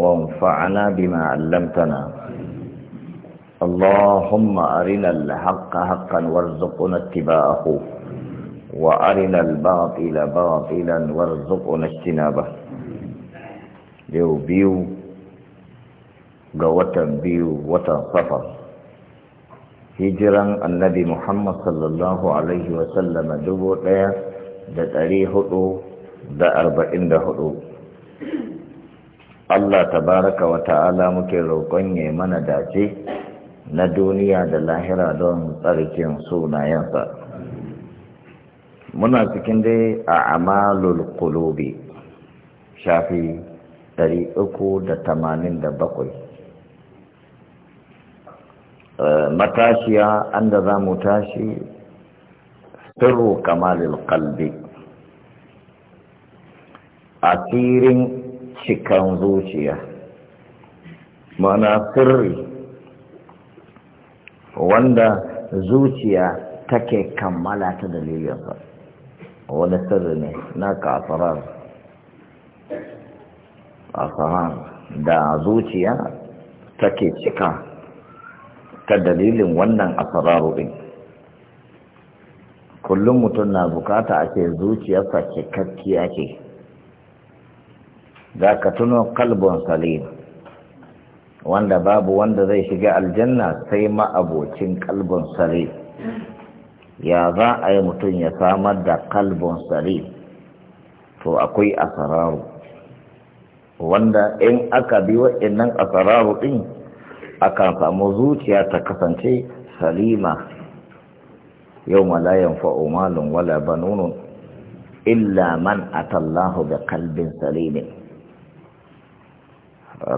وانفعنا بما علمتنا اللهم أرنا الحق حقا وارزقنا اتباعه وأرنا الباطل باطلا وارزقنا اجتنابه يو بيو قوتا بيو وتا صفر hijiran annabi Muhammad sallallahu Alaihi wasallama dubu ɗaya da ɗari hudu da arba'in da hudu Allah tabaraka wa ta'ala muke roƙon ya mana dace na duniya da lahira don tsarkin sunayensa muna cikin dai a amalul kulubi shafi 387 eh, matashiya an da za mu tashi firu kamalul kalbi asirin cikan zuciya mana sirri wanda zuciya take kammala ta dalilinsa wani sirri ne na kafarar kasarar da zuciya take cika ta dalilin wannan asararu ɗin kullum mutum na bukata a ce zuciyarsa cikakkiya ce za ka tuno kalbon salim wanda babu wanda zai shiga aljanna sai ma'abocin kalbon salim ya za a yi mutum ya samar da kalbon salim to akwai asararu wanda in aka bi waɗannan asararu ɗin aka samu zuciya ta kasance salima yau malayan fa'umalin wala banunun illa man atallahu da kalbin salimin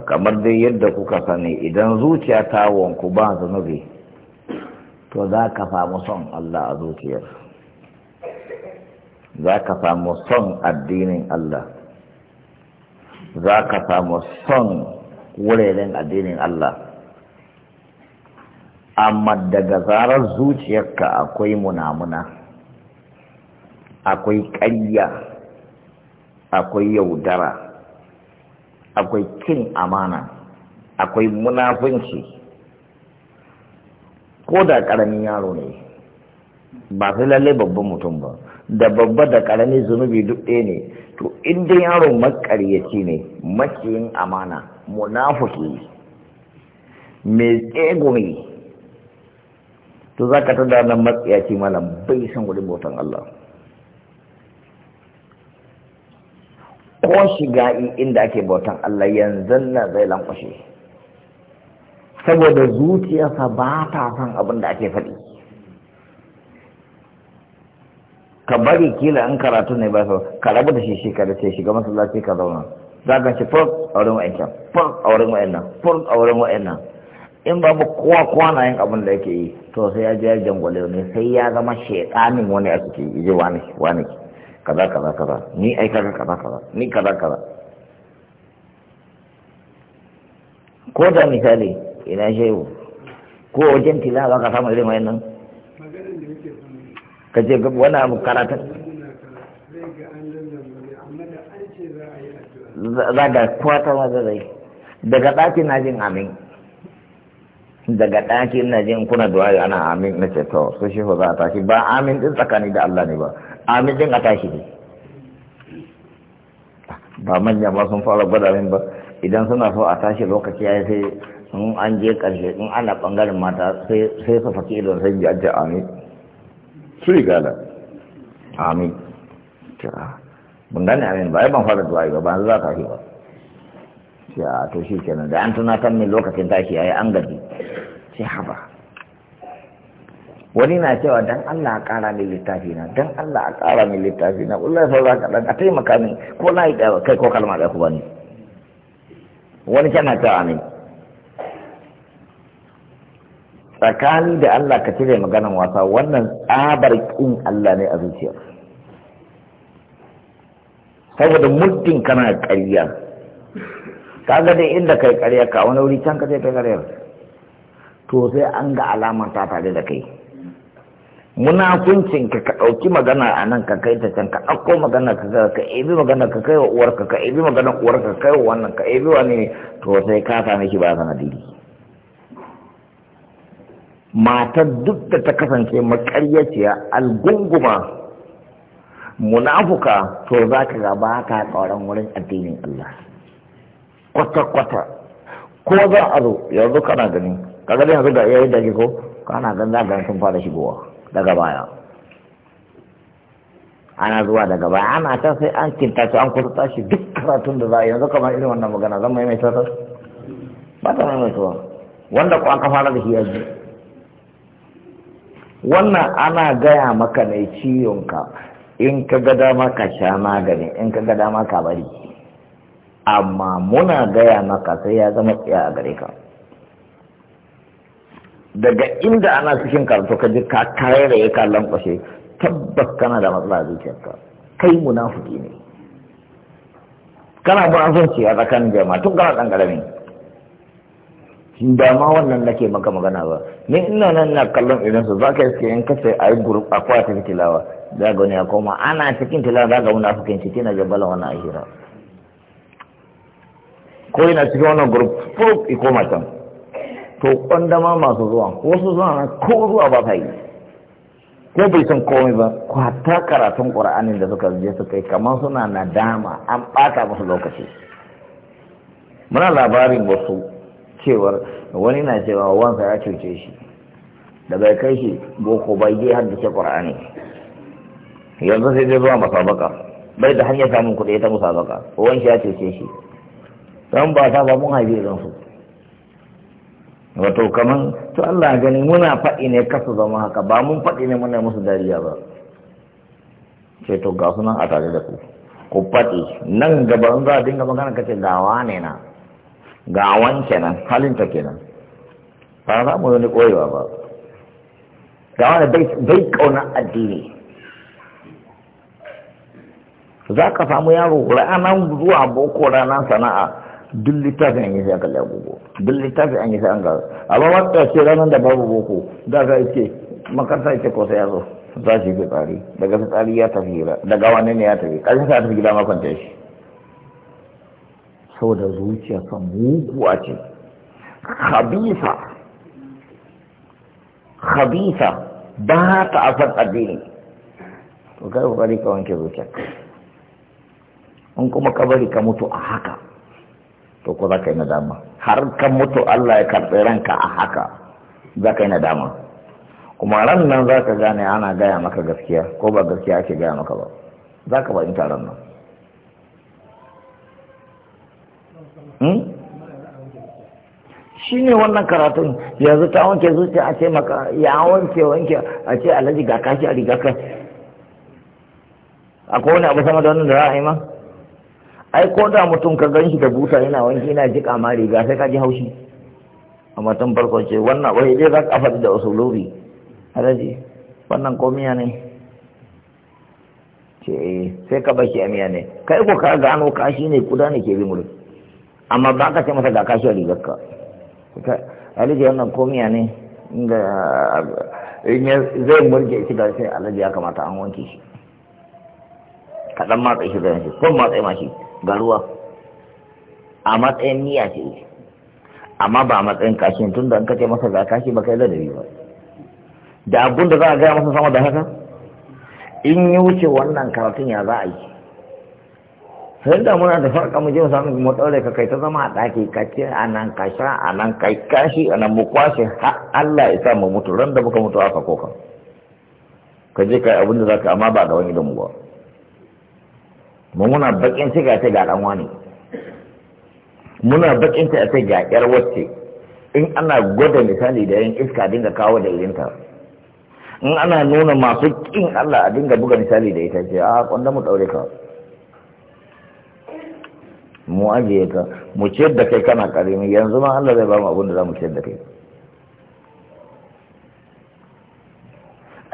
kamar dai yadda kuka sani idan zuciya ta wanku ba zunubi to za ka samu son Allah a zuciyar za ka samu son addinin Allah za ka samu son wuraren addinin Allah amma daga zarar zuciyarka akwai munamuna akwai ƙayya akwai yaudara akwai kin amana akwai munafunci ko da ƙaramin yaro ne ba sai lalle babban mutum ba da babba da ƙaramin zunubi duk ɗaya ne to inda dai yaro makaryaci ne maciyin amana munafuki mai tsegumi to za ka tada nan matsiyaci malam bai san gudun bautan Allah ko shiga inda ake bautan Allah yanzu nan zai lankwashe saboda zuciyarsa ba ta son abin da ake faɗi ka bari kila in karatu ne ba sau, ka rabu da shi da ce shiga masallaci ka zauna za ka ci fur a wurin wa'ancan fur a wurin wa'annan fur a wurin wa'annan in babu kowa kowa na yin abin da yake yi to sai ya je ya jangwale ne sai ya zama shekanin wani a ciki ije wani wani kaza kaza kaza ni ai kaza kaza kaza ni kaza kaza ko da misali ina shehu ko wajen tilawa ka samu irin wayannan ka ce wani abu karatun za ga kwata maza zai daga ɗakin na jin amin daga ɗakin na jin kuna duwaye ana amin na ce to su shi za a tashi ba amin din tsakani da Allah ne ba amin jin a tashi ne ba manya ba sun fara gwada min ba idan suna so a tashi lokaci ya sai in an je ƙarshe in ana ɓangaren mata sai su faki idon sai ji ajiye amin su rigala amin mun gane amin ba ya ban fara duwaye ba ba za ta fi ba ya to shi kenan da an tunatar min lokacin tashi yi an gaji sai haba wani na cewa dan Allah a kara min littafi na dan Allah a kara min littafi na wallahi sau za a taimaka min ko na yi kai ko kalma ɗaya ku bani wani kana cewa ne tsakani da Allah ka cire maganan wasa wannan tsabar ƙin Allah ne a zuciya saboda muddin kana ƙarya ka gani dai inda kai ƙarya ka wani wuri can ka ce kai ƙaryar to sai an ga alamar ta tare da kai munafuncin ka ka ɗauki magana a nan ka kai ta can ka ɗauko magana ka ka ka ebi magana ka kai wa uwarka ka ebi magana uwarka ka kai wa wannan ka ebi ne. to sai ka same shi ba dili matar duk da ta kasance makaryaciya algunguma munafuka to za ka ga ba ka tsoron wurin addinin Allah kwata-kwata ko za a zo yanzu kana gani kaga dai yanzu ga yayin da ke ko kana ganin za ga sun fara shigowa daga baya ana zuwa daga baya ana ta sai an kinta su an kusa tashi duk karatun da za a yanzu kamar irin wannan magana zan mai mai ta ba ta mai mai wanda ko aka fara da shi yanzu wannan ana gaya maka ne ciwonka in ka ga dama ka sha magani in ka ga dama ka bari amma muna gaya maka sai ya zama tsaya a gare ka daga inda ana cikin karatu ka ji ka kare da ya kallon kwashe tabbas kana da matsala a zuciyarka kai munafiki ne kana munafunci a tsakanin jama'a tun kana dan karami da ma wannan nake maka magana ba ni ina nan na kallon idan su zaka iske in kace ai group akwai ta tilawa da ga ne ya koma ana cikin tilawa da ga munafikin ciki na jabbala wannan ahira ko ina cikin wannan group group ikoma koma to kwandama masu zuwa wasu zuwa nan ko zuwa ba ta yi ko bai san komai ba kwata karatun ƙura'anin da suka je suka yi kamar suna nadama an ɓata musu lokaci muna labarin wasu cewar wani na cewa wansa ya cuce shi da bai kai shi boko bai je haddace ƙura'ani yanzu sai dai zuwa musabaka bai da hanyar samun kuɗi ta musabaka wanshi ya cuce shi don ba ta ba mun haife zan su wato kaman to Allah ya gani muna faɗi ne kasu zama haka ba mun faɗi ne muna musu dariya ba sai to ga sunan a tare da ku ku faɗi nan gaba in za a dinga magana ka ce gawa ne na gawan kenan halinta kenan ba za mu wani koyewa ba gawa ne bai kauna addini za ka samu yaro ra'anan zuwa boko ranar sana'a duk littafin an yi sai aka laye boko duk littafin an yi sai an ga ba wata ce ranar da babu boko da ga ce makarta ce ko sai ya zo za shi tsari daga tsari ya tafi gida daga wani ne ya tafi ƙarshen sa tafi gida makon ta shi saboda zuciya kan muguwa ce habisa habisa ba ta asar addini to kai kokari ka wanke zuciya in kuma ka bari ka mutu a haka to ko za ka yi nadama har ka mutu Allah ya karɓi ranka a haka za ka yi nadama kuma ran nan za ka gane ana gaya maka gaskiya ko ba gaskiya ake gaya maka ba za ka fahimta ran nan hmm? shi ne wannan karatun yanzu ta wanke zuciya a ce maka ya wanke wanke a ce alhaji ga kashi a riga kai akwai wani abu sama da wannan da za a yi ma ai ko da mutum ka gan shi da buta yana wanki yana jiƙa ma riga sai ka ji haushi amma tun farko ce wannan wai dai za ka faɗi da usulobi haraji wannan miya ne ce eh, sai ka bashi miya ne kai ko ka gano kashi ne kuda ne ke bi mulki amma ba ka ce masa ga kashi a ka alaji wannan miya ne inda zai murge shi da sai alaji ya kamata an wanke shi kaɗan matsa shi da yanzu kun matsa ma shi Garuwa, a matsayin niyya ce amma ba a matsayin kashin tun da an kace masa ga kashi ba kai ladabi ba da abun da za a gaya masa sama da haka in yi wuce wannan karatun ya za a yi sai da muna da farka mu je mu samu mu daure ka kai ta zama a daki ka ce a nan ka sha a nan kai kashi a nan mu kwashe ha Allah ya sa mu mutu ran da muka mutu aka koka ka je kai abin da zaka amma ba ga wani da mu ba mu muna bakin ci ga ta ga dan wani muna bakin ta ta ga yar wacce in ana gwada misali da yin iska dinga kawo da irinta in ana nuna masu kin Allah a dinga buga misali da ita ce a ah, kwanda mu daure ka mu ajiye ka mu ciyar da kai kana karimi yanzu ma Allah zai ba mu abin da za mu ciyar da kai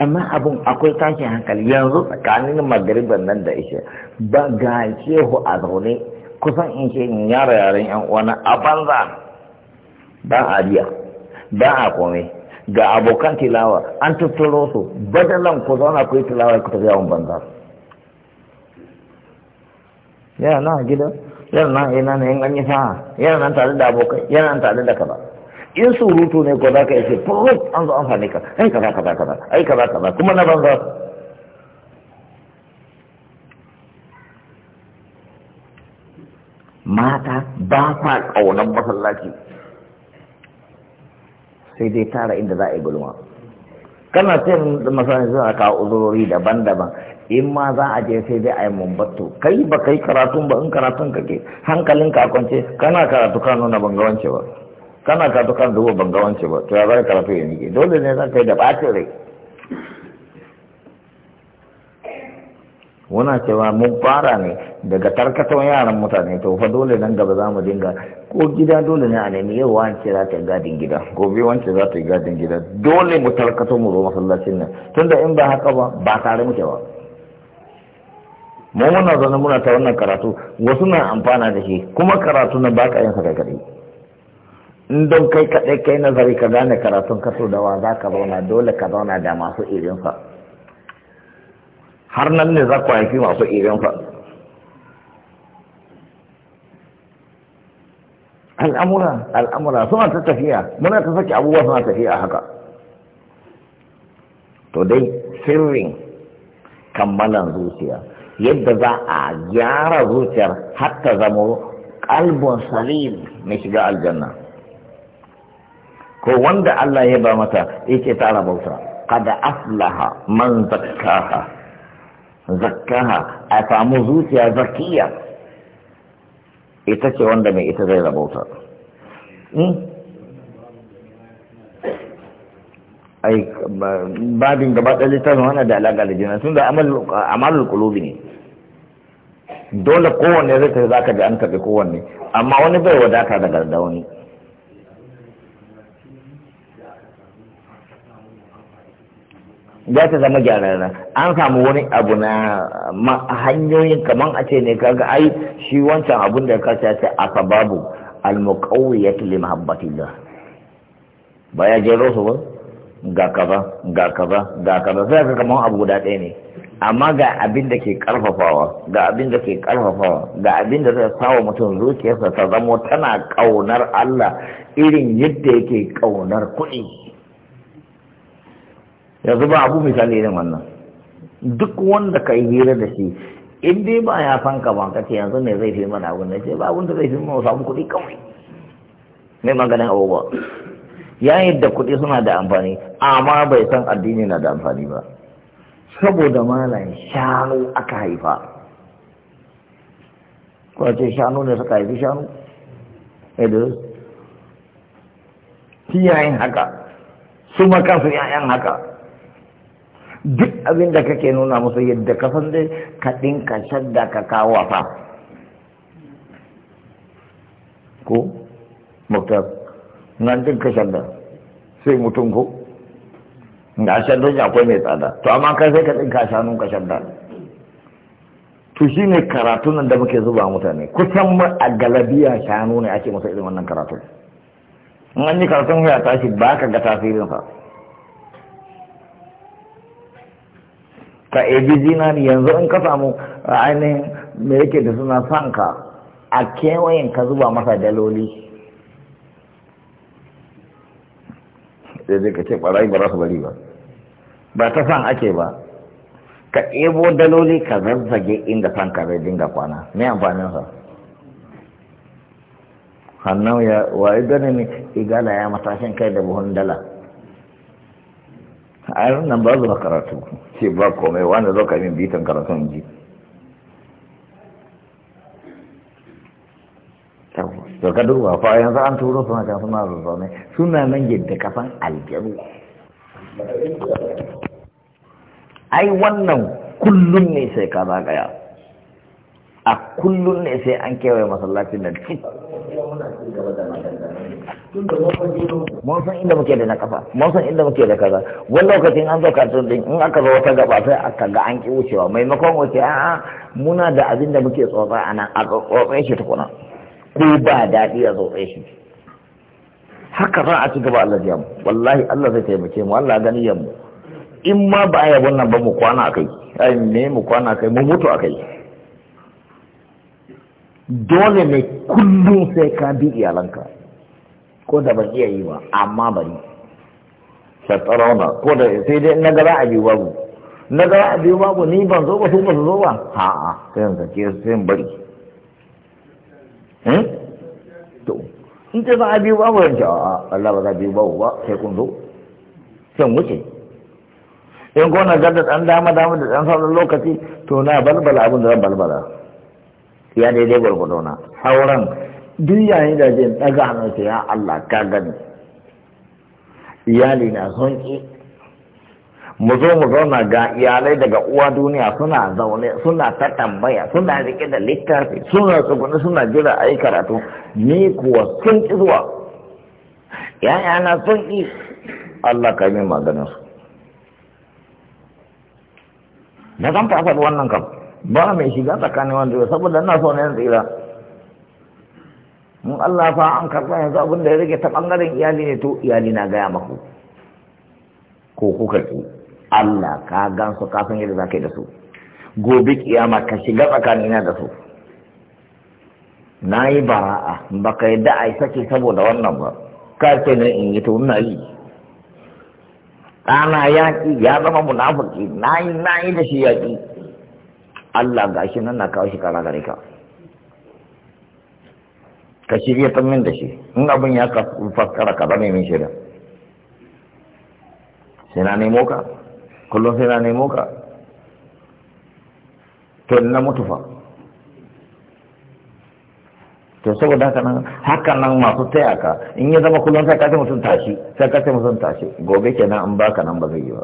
amma abun akwai tashin hankali yanzu tsakanin magariban nan da ishe ba ga shehu a zaune kusan in ce in yara yaren yan uwana a banza ba a biya ba a kome ga abokan tilawa an tattaro su badalan ku zauna ku yi tilawa ku tafi yawon banza yana na gida yana na ina ne in an yi sa'a yana nan tare da abokai yana nan tare da kaza in surutu ne ko za ka ce furut an zo amfani ka ai kaza kaza kaza ai kaza kaza kuma na banza mata ba sa ƙaunar masallaci sai dai tara inda za a yi gulma kana cin masallaci suna kawo uzurori daban-daban in ma za a je sai dai a yi Mumbatu, kai ba kai karatun ba in karatun kake hankalinka kwance kana karatu ka nuna ban ba kana karatu kan duba ban ga wance ba to ya zai karatu ya nike dole ne za ka yi da ɓacin rai muna cewa mun fara ne daga tarkaton yaran mutane to fa dole nan gaba za mu dinga ko gida dole ne a nemi yau wance za ta yi gadin gida gobe wance za ta yi gadin gida dole mu tarkato mu zo masallacin nan tunda in ba haka ba ba tare muke ba mu muna zaune muna ta wannan karatu wasu na amfana da shi kuma karatu na baka yin sa kai kadai in don kai kaɗai kai nazari ka gane karatun kaso da wa za ka zauna dole ka zauna da masu irinsa har nan ne za ku haifi masu irinsa al'amura al'amura suna ta tafiya muna ta saki abubuwa suna tafiya haka to dai sirrin kammalan zuciya yadda za a gyara zuciyar hatta zamo kalbun salim mai shiga aljanna ko wanda Allah ya ba mata yake tara bauta kada aslaha man zakkaha zakkaha a samu zuciya zakiya ita ce wanda mai ita zai rabauta hmm? ai babin gaba ɗaya littafin wani da alaƙa da jina tun da amalul kulubi ne dole kowanne zai ta zaka da an taɓi kowanne amma wani bai wadata daga da wani za ta zama gyararra an samu wani abu na hanyoyin kamar a ce ne kaga ai shi wancan abun da ka ce a sababu al ya li mahabbatillah ba ya jero su ba ga kaza ga kaza ga kaza sai ka kamar abu guda ɗaya ne amma ga abin da ke karfafawa ga abin da ke karfafawa ga abin da zai sawa mutum zuciyarsa ta zamo tana kaunar Allah irin yadda yake kaunar kuɗi yanzu ba abu misali irin wannan duk wanda ka yi hira da shi in dai ba ya san ka ba kace yanzu ne zai fi mana abun ce ba abun da zai fi mana samu kuɗi kawai mai maganin abubuwa ya yadda kuɗi suna da amfani amma bai san addini na da amfani ba saboda malam shanu aka haifa kwace shanu ne suka haifi shanu edo shi yayin haka su makansu yayan haka duk abin da kake nuna musu yadda ka san dai ka dinka shadda ka kawo fa ko muktar nan dinka shadda sai mutum ko ga shaddon akwai mai tsada to amma kai sai ka dinka shanun ka shadda to shi ne karatun nan da muke zuba mutane kusan a galabiya shanu ne ake masa irin wannan karatun in an yi karatun ya tashi ba ka ga tasirinsa ka ebi zinari yanzu in ka samu ainihin me yake da suna sanka a kewayen ka zuba masa daloli sai zai ka ce barayi ba za su bari ba ba ta san ake ba ka ebo daloli ka zazzage inda sanka zai dinga kwana me sa. Hannu ya wa idana ne igala ya matashin kai da buhun dala a nan ba zuwa karatu ce ba komai wanda zo kamin bitan karatu in ji ka duba fa yanzu an turo suna kan suna zazzaune suna nan yadda kafan aljaru ai wannan kullum ne sai ka zagaya a kullum ne sai an kewaye masallacin nan mun san inda muke da na kafa mun san inda muke da kaza wani lokacin an zo karton din in aka zo wata gaba sai aka ga an ki wucewa maimakon wace a'a muna da abin da muke tsotsa a nan a tsotsa shi tukuna ko ba daɗi a tsotsa shi haka za a ci gaba Allah ya mu wallahi Allah zai taimake mu Allah gani mu in ma ba a yabon nan ba mu kwana akai ai me mu kwana akai mu mutu akai dole ne kullum sai ka bi iyalanka ko da ban iya yi ba amma bari tattarauna ko da sai dai na gara a biyu babu na gara a biyu babu ni ban zo ba su ba su zo ba a'a sai yanzu ke sai bari eh? to in ce ba a biyu babu yanzu a'a Allah ba za a biyu babu ba sai kun zo sai wuce in ko na gada dan dama dama da dan sauran lokaci to na balbala abin da zan balbala ya daidai gwargwado na sauran duk yayin da zai ɗaga hannunsa ya Allah ka gani iyali na son ki mu zo mu zauna ga iyalai daga uwa duniya suna zaune suna ta tambaya suna rike da littafi suna tsuguni suna jira a yi karatu ni kuwa sun ki zuwa ya'ya na sun ki Allah ka yi maganin su na zan faɗi wannan kam ba mai shiga tsakanin wanda saboda na so ne tsira mun Allah fa an karɓa yanzu abin da ya rage ta bangaren iyali ne to iyali na gaya maku ko kuka ki Allah ka gan su kafin yadda za ka yi da su gobe kiyama ka shiga tsakanina da su na yi bara'a ba ka yadda a yi sake saboda wannan ba ka ce ne in yi to na yi ɗana yaƙi ya zama munafuki na yi na yi da shi yaƙi Allah ga shi nan na kawo shi kara gare ka ka shirya ta min da shi in abin ya ka faskara ka zame min shida sai na nemo ka kullum sai na nemo ka to na mutu fa to saboda haka nan haka nan masu taya ka in ya zama kullum sai ka ce mutum tashi sai ka ce mutum tashi gobe kenan an baka nan ba zai yi ba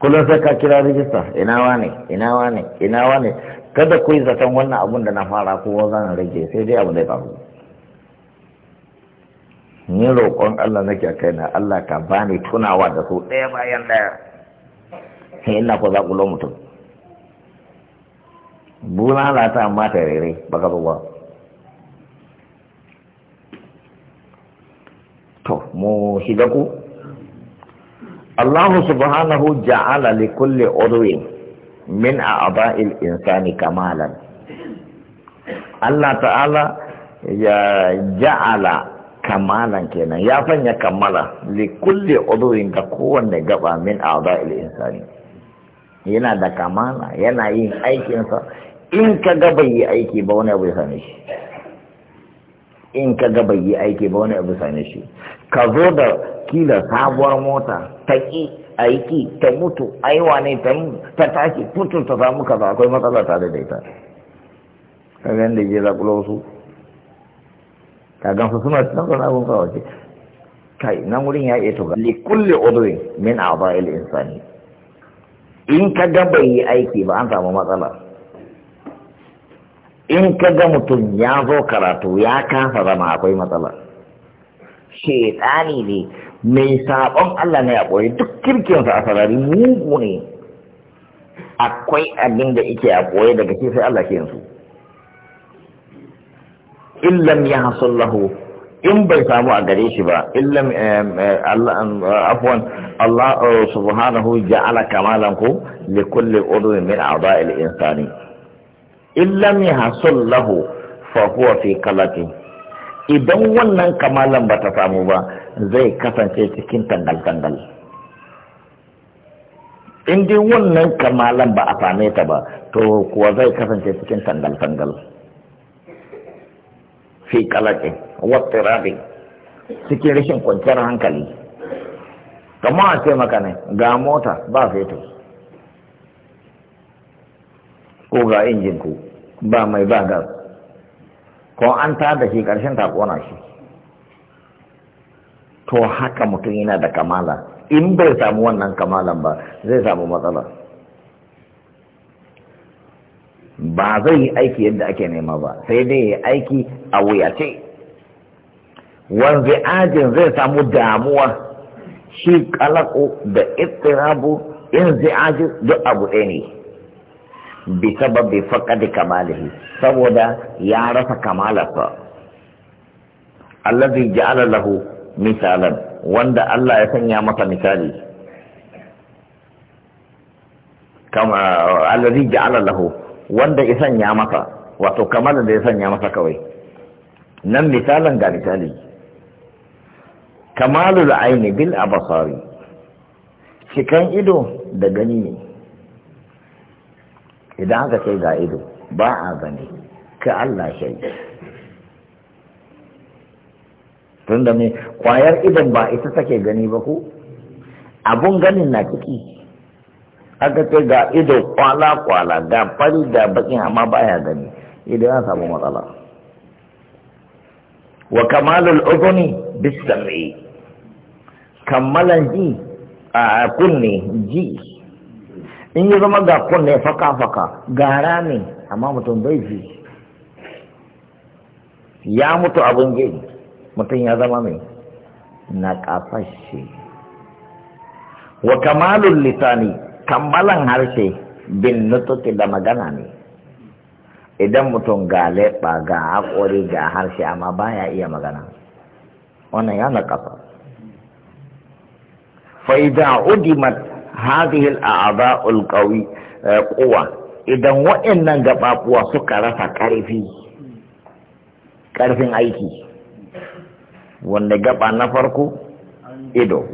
kullum sai ka kira rijista ina wane ina wane ina wane kada ku yi zaton wannan abun da na fara ko zan rage sai dai abu da ya faru ni roƙon Allah nake a kaina, Allah ka bani tunawa da su ɗaya bayan ɗaya sai ina ko za ku lo mutum buna la ta amma ta rere baka ba to mu shiga ku Allah subhanahu ja'ala li kulli udwin min a'dha'il insani kamalan Allah ta'ala ya ja'ala kamalan kenan ya fanya kamala li kulli udwin ga kowanne gaba min a'dha'il insani yana da kamala yana yin aikinsa in ka ga bai yi aiki ba wani abu ya same shi in ka ga bai yi aiki ba wani abu same shi ka zo da kila sabuwar mota ta ki aiki ta mutu aiwa ne ta tashi putun ta samu kaza akwai matsala tare da ita ka ga da ke zakulo su ka gan su suna cikin sana abun kawo ce kai nan wurin ya iya tuga li kulle udwin min a'dha'il insani in ka ga bai yi aiki ba an samu matsala in ka ga mutum ya zo karatu ya kasa zama akwai matsala shaitani ne mai sabon Allah ne a ɓoye duk kirkinsa a sarari mugu ne akwai abin da yake a ɓoye daga shi sai Allah ke yansu illam ya in bai samu a gare shi ba illam afwan Allah eh, subhanahu ja'ala kamalan ku li kulli udwin min a'dha'il insani illam ya hasul lahu fa huwa fi kalati idan wannan kamalan ba ta samu ba zai kasance cikin tangal-tangal in dai wannan kamalan ba a same ta ba to kuwa zai kasance cikin tangal-tangal fi kalatin wa tirabi cikin rashin kwanciyar hankali kama a ce maka ne ga mota ba fetur ko ga injin ku ba mai ba ko an ta da shi ƙarshen ta ƙona shi to haka mutum yana da kamala in bai samu wannan kamalan ba zai samu matsala ba zai yi aiki yadda ake nema ba sai dai yi aiki a wuyace wanzu ajin zai samu damuwa shi kalaƙo da istirabu in zai aji duk abu ɗaya ne bi sababi faqadi kamalihi saboda ya rasa kamalarsa allazi ja'ala lahu misalan wanda Allah ya sanya masa misali kama allazi ja'ala lahu wanda ya sanya masa wato kamalar da ya sanya masa kawai nan misalan ga misali kamalul aini bil abasari cikan ido da gani ne idan haka ce ga ido ba a gani ka Allah shai tun da mai kwayar idon ba ita take gani ba ku abun ganin na ciki aka ce ga ido kwala-kwala ga fari da bakin amma baya gani idan ya samu matsala wa kamalul uzuni bisam'i kammalan ji a kunne ji in yi zama ga kunne faka-faka gara ne amma mutum bai ji ya mutu abin gini mutum ya zama mai na kafashe wa kamalun lisani kammalan harshe bin nutuki da magana ne idan mutum ga leɓa ga haƙori ga harshe amma baya iya magana wannan ya na kafa fa'ida udimat hadhihi al-a'dha al-qawi quwa idan wa'annan gababuwa suka rasa karfi karfin aiki wanda gaba na farko ido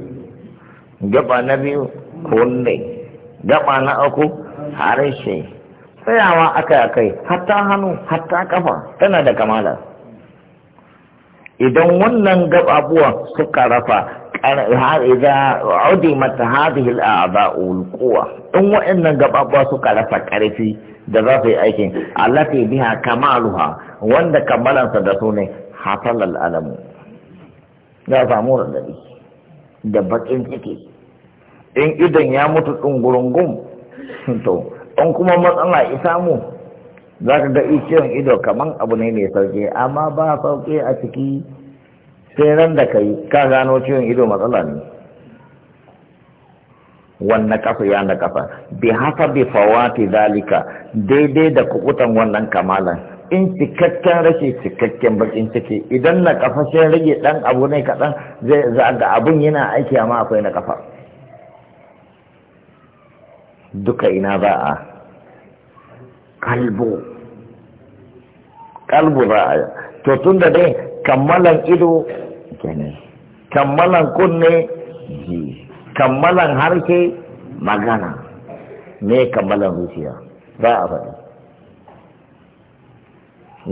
gaba na biyu kunne gaba na uku harshe tsayawa aka kai hatta hannu hatta kafa tana da kamala idan wannan gababuwa suka rafa Ana bai audi mata haɗu hil'a a zaɓu gulƙuwa. Ɗan waɗannan gababawa suka rasa karfi da za yi aikin. Allah ya biya Kamaluhu wanda kammalansu da suna haƙar lal Adamu. Ya samu raɗaɗi da bakin ciki. Ɗan idon ya mutu ɗin gurin gun? Ɗan kuma matsala ya isa mu? Za ka iya ido kaman abu ne mai sauƙi. Amma ba ha a ciki. sai nan da kai ka gano ciwon ido matsala ne wannan kafa ya na kafa bi haka bi fawati zalika daidai da kukutan wannan kamalan in cikakken rashi cikakken bakin ciki idan na kafa sai rage dan abu ne kaɗan zai zaga abun yana aiki amma akwai na kafa duka ina za a kalbo kalbo za a to tun da dai kammalan ido kenan kammalan kunne ji kammalan harshe magana me kammalan zuciya ba a faɗi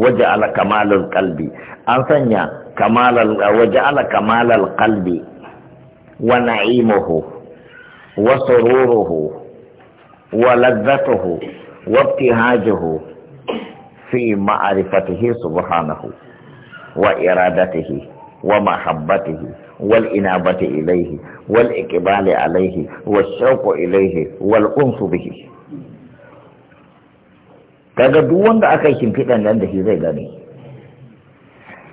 waje ala kamalul kalbi an sanya kamalal waje ala kamalal kalbi wa na'imuhu wa sururuhu wa ladzatuhu wa ibtihajuhu fi ma'rifatihi subhanahu وإرادته ومحبته والإنابة إليه والإقبال عليه والشوق إليه والأنس به Daga duk wanda aka yi shimfiɗan nan da shi zai gani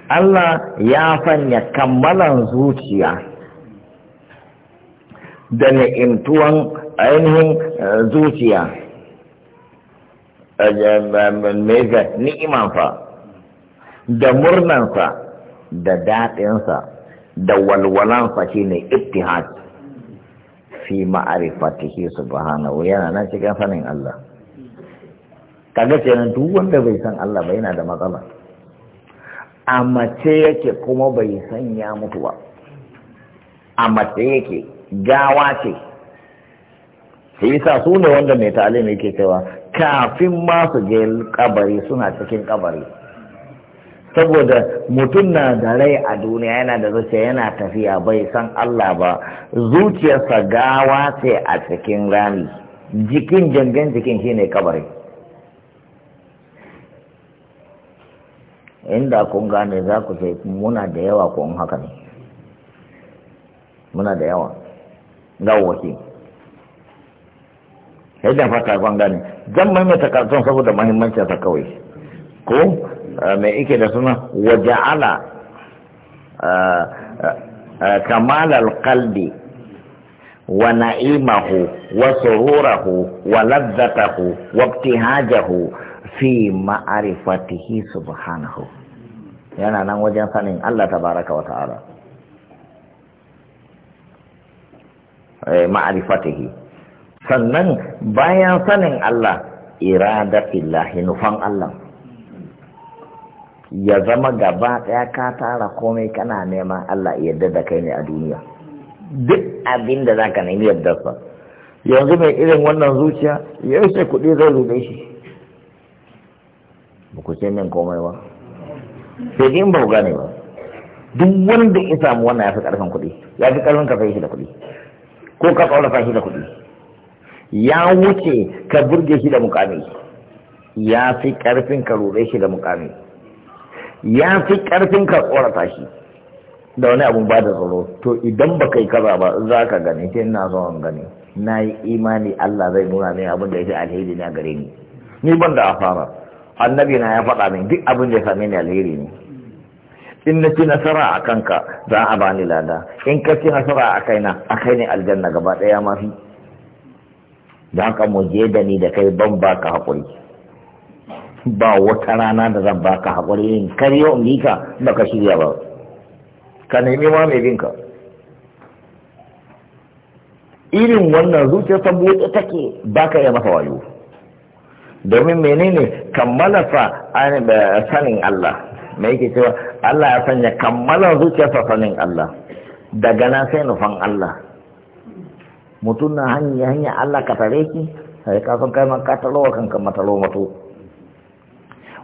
Allah ya sanya kammalan zuciya da ni'imtuwan ainihin eh, zuciya eh, eh, ni'iman fa da murnansa da daɗinsa da walwalansa shi ne ittihad fi ma'arifatihi subhanahu yana nan cikin sanin Allah kaga nan duk wanda bai san Allah ba yana da matsala a mace yake kuma bai san ya mutu ba a mace yake gawa ce sai yasa su ne wanda mai talimi yake cewa kafin masu su kabari suna cikin kabari saboda mutum na da rai a duniya yana da zuciya yana tafiya bai san Allah ba zuciyarsa gawa ce a cikin rami jikin jangan jikin shine kabari inda kun gane za ku ce muna da yawa kun haka ne muna da yawa gawawaki yadda fata kun gane zan maimaita karton saboda mahimmancinsa kawai ko mai ike da suna waja'ala kamal alqalbi wa na'imahu wa sururahu wa ladzatahu wa ibtihajahu fi ma'rifatihi subhanahu yana nan wajen sanin Allah tabaraka wa ta'ala eh ma'rifatihi sannan bayan sanin Allah iradatillahi nufan Allah ya zama gaba ɗaya ka tara komai kana neman Allah yarda da kai ne a duniya duk abin da zaka nemi yarda sa yanzu mai irin wannan zuciya ya yi kuɗi zai rube shi ba ku ce min komai ba sai din ba ku gane ba duk wanda ya samu wannan ya fi ƙarfin kuɗi ya fi ƙarfin ka shi da kuɗi ko ka ƙaurafa shi da kuɗi ya wuce ka burge shi da mukami ya fi karfin ka rure shi da mukami ya fi karfin ka tsorata shi da wani abun ba da tsoro to idan ba kai kaza ba za ka gani ke ina zuwan gani na yi imani Allah zai nuna min abin da ya fi alheri na a gare ni ni ban da afara annabi na ya faɗa min duk abin da ya same ni alheri ne in na ci nasara a kanka za a bani lada in ka ci nasara a kaina a kai ne aljanna gaba ɗaya mafi da haka mu je da ni da kai ban baka haƙuri ba wata rana da zan baka haƙuri yin karyo in yi ka baka shirya ba ka nemi ma mai binka irin wannan zuciyar ta buɗe take baka iya masa wayo domin menene kammala fa sanin Allah me yake cewa Allah ya sanya kammala zuciyar sa sanin Allah daga nan sai nufan Allah mutum na hanya hanya Allah ka tare ki sai ka san kai man ka talo kanka matalo mato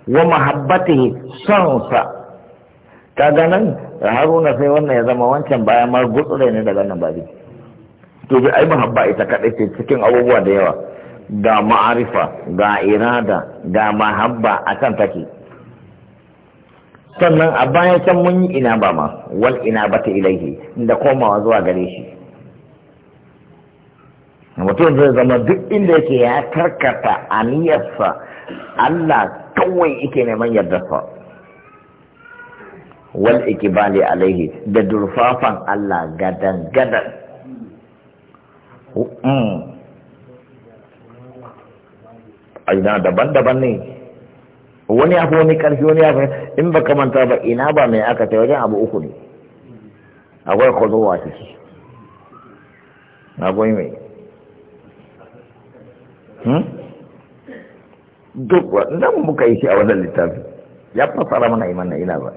wa mahabbatihi sansa sa kaga nan haruna sai wannan ya zama wancan bayan ma gutsure ne daga nan bari to bi ai mahabba ita kadai ce cikin abubuwa da yawa ga ma'arifa ga irada ga mahabba akan take sannan a baya can mun yi ina ba ma wal ina bata ilaihi da komawa zuwa gare shi mutum zai zama duk inda yake ya karkata aniyarsa Allah kawai ike neman yardarsa wal ikibali alaihi da durfafan Allah gadan gadan hmm. aina daban-daban ne wani ya fi wani ƙarfi wani abu in ba manta ba ina ba mai aka ta wajen abu uku ne akwai kwazowa ciki goyi mai hmm? duk wannan muka yi shi a wannan littafi ya fasara mana iman na ina ba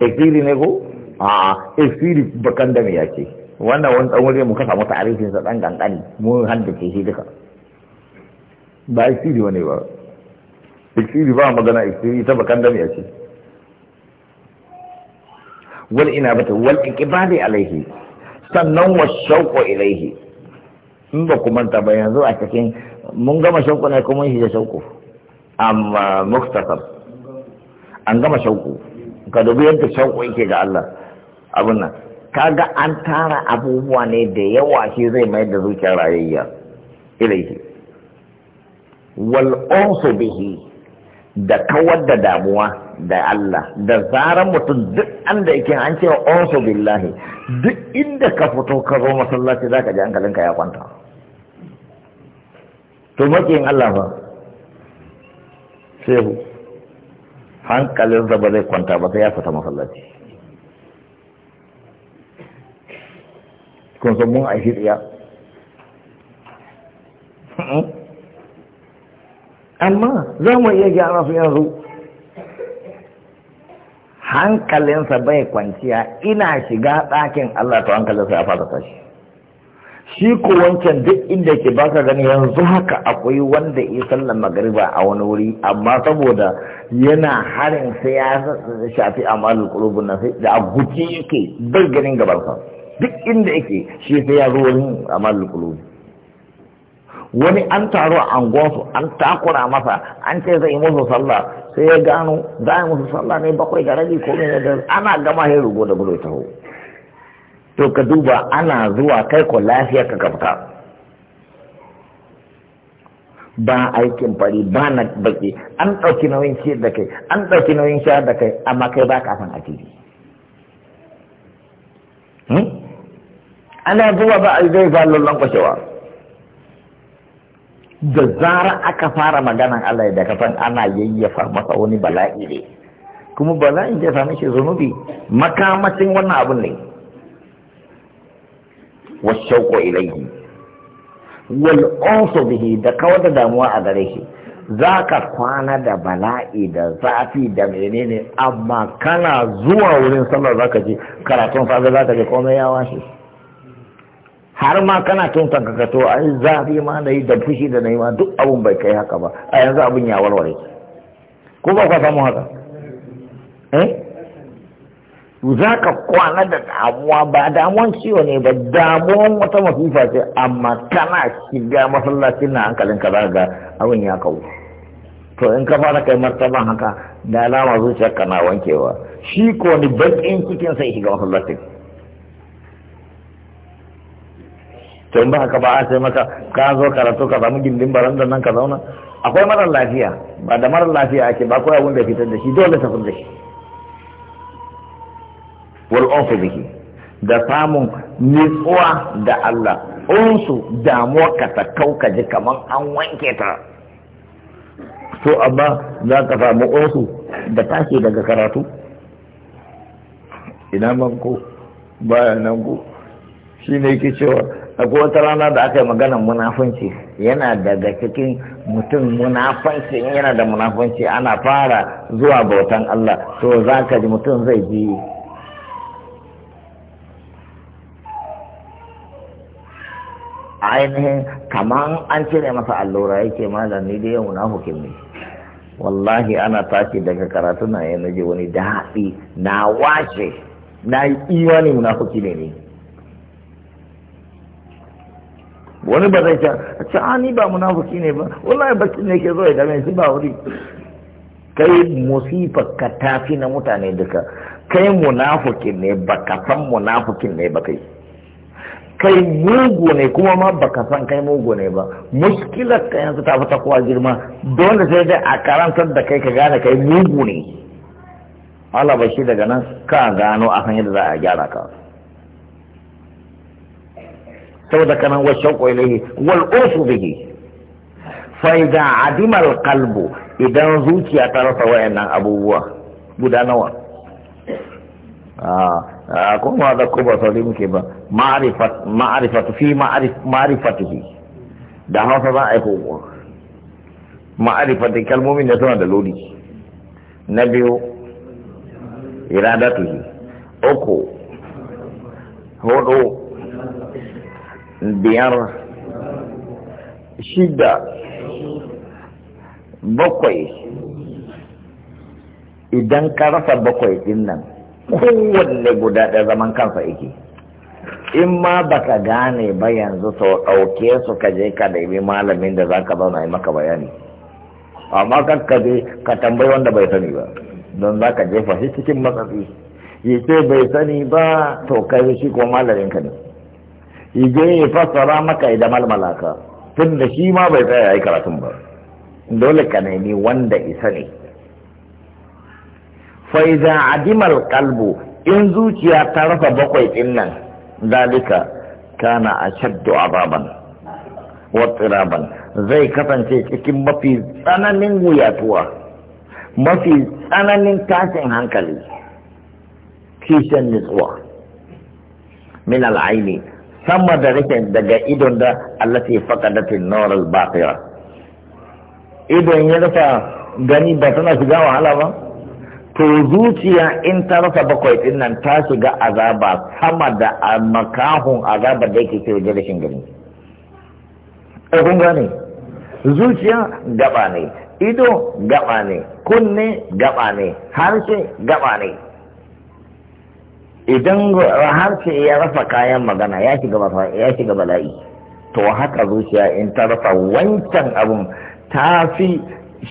ekiri ne ko a ekiri bakan da ya ce wannan wani dan wuri muka samu tarihin sa dan mu mun ke shi duka ba ekiri wani ba ekiri ba magana ekiri ta bakan da ya ce wal inabata wal iqbali alaihi sannan wa shauqu ilaihi in ba ku manta ba yanzu a cikin mun gama shauku ne kuma shi da shauku amma muktasar an gama shauku ka dubi yadda shauku yake ga Allah abin nan kaga an tara abubuwa ne da yawa shi zai mai da zuciyar rayayya ilaihi wal bihi da kawar da damuwa da Allah da zarar mutum duk an da yake an cewa unsu billahi duk inda ka fito ka zo masallaci zaka ji hankalinka ya kwanta to makiyin Allah ba sai hankalinsa ba zai kwanta ba sai ya fita masallaci kun san mun shi tsiya amma za mu iya gyara su yanzu hankalinsa bai kwanciya ina shiga ɗakin Allah to hankalinsa ya fata tashi shi ko wancan duk inda ke baka gani yanzu haka akwai wanda ya sallan magariba a wani wuri amma saboda yana harin sai ya shafi amalul qulubun na, sai da guji yake bar ganin gabansa duk inda yake shi sai ya zo wurin amalul qulub wani an taro a angonsu an takura masa an ce zai musu sallah sai ya gano za musu sallah ne bakwai da rabi ko ne ana gama ya da gudu taho to ka duba ana zuwa kai ko lafiya ka kafta ba aikin fari ba na baki an ɗauki nauyin ciyar da kai an ɗauki nauyin sha da kai amma kai ba ka san asiri hmm? ana zuwa ba a zai ba lallan kwashewa da zarar aka fara maganan Allah da kafan ana yayyafa masa wani bala'i ne kuma bala'in ya sami shi zunubi makamacin wannan abun ne wasyauqo ilayhi wal qasu bihi da kawada damuwa a gare shi zaka kwana da bala'i da zafi da menene amma kana zuwa wurin sallah zaka je karatun fa zaka je komai ya washe har ma kana tun tankaka to ai zafi ma da yi da fushi da nayi ma duk abun bai kai haka ba a yanzu abun ya warware ko ba ka samu haka za ka kwana da damuwa ba damuwan ciwo ne ba damuwan wata masifa ce amma kana shiga masallaci na hankalin ka za ga abin ya kawo to in ka fara kai martaban haka da alama zuciyar ka na wankewa shi ko ni bakin cikin sai shiga masallacin to in ba haka ba a sai maka ka zo karatu ka samu gindin barandar nan ka zauna akwai marar lafiya ba da marar lafiya ake ba kawai abin da fitar da shi dole ta fitar da shi wal unsu bihi da samun nitsuwa da Allah unsu damuwa ka ta kauka ji kaman an wanke ta so amma za ka samu unsu da tashi daga karatu ina man ku baya nan ku shi ne yake cewa akwai wata rana da aka yi magana munafunci yana daga cikin mutum munafunci yana da munafanci ana fara zuwa bautan Allah to za ji mutum zai ji ainihin kaman an cire masa allura yake malam ni da yau na ne wallahi ana tashi daga karatu na yana ji wani daɗi na wace na yi ne munafuki ne ne wani ba zai ce a ce a ah, ni ba munafuki ne ba wallahi ba ne ke zo ya game shi ba wuri kai musifa ka tafi na mutane duka kai munafukin ne ba ka san munafukin ne ba kai kai mugu ne kuma ma baka san kai mugu ne ba muskilar ka yanzu ta fita kowa girma dole sai dai a karantar da kai ka gane kai mugu ne Allah ba shi daga nan ka gano a san yadda za a gyara ka saboda kana wasu shauqu ne wal ursu bihi fa idza adima idan zuciya ta rasa wayannan abubuwa guda nawa ah, kuma da ko ba sauri muke ba ma'arifatu fi fi da hausa za a yi koko ma'arifatu kalmomin da suna da lodi na biyu iradatuhi uku hudu biyar shida bakwai idan ka rasa bakwai din nan kowanne guda ɗaya zaman kansa yake in ma baka gane ba yanzu to ɗauke su ka je ka nemi malamin da zaka zauna yi maka bayani amma kan ka je ka tambayi wanda bai sani ba don za ka jefa shi cikin matsatsi ya ce bai sani ba to kai shi ko malamin ka ne yi je ya fassara maka da ka, tun da shi ma bai tsaya yi karatun ba dole ka nemi wanda isa ne fa adimal qalbu in zuciya ta rasa bakwai din nan zalika kana ashaddu azaban wa tiraban zai kasance cikin mafi tsananin wuyatuwa mafi tsananin tashin hankali kishin nitsuwa min al'aini sama da rike daga idon da Allah ke faƙadatin noral batira idon ya rafa gani ba tana shiga wahala ba to zuciya in ta rasa bakwai din nan ta shiga azaba sama da makahun azaba da yake ke da rashin gani eh, kun gane zuciya gaba ne ido gaba ne kunne gaba ne harshe gaba ne idan harshe ya rasa kayan magana ya shiga bala'i to haka zuciya in ta rasa wancan abun ta fi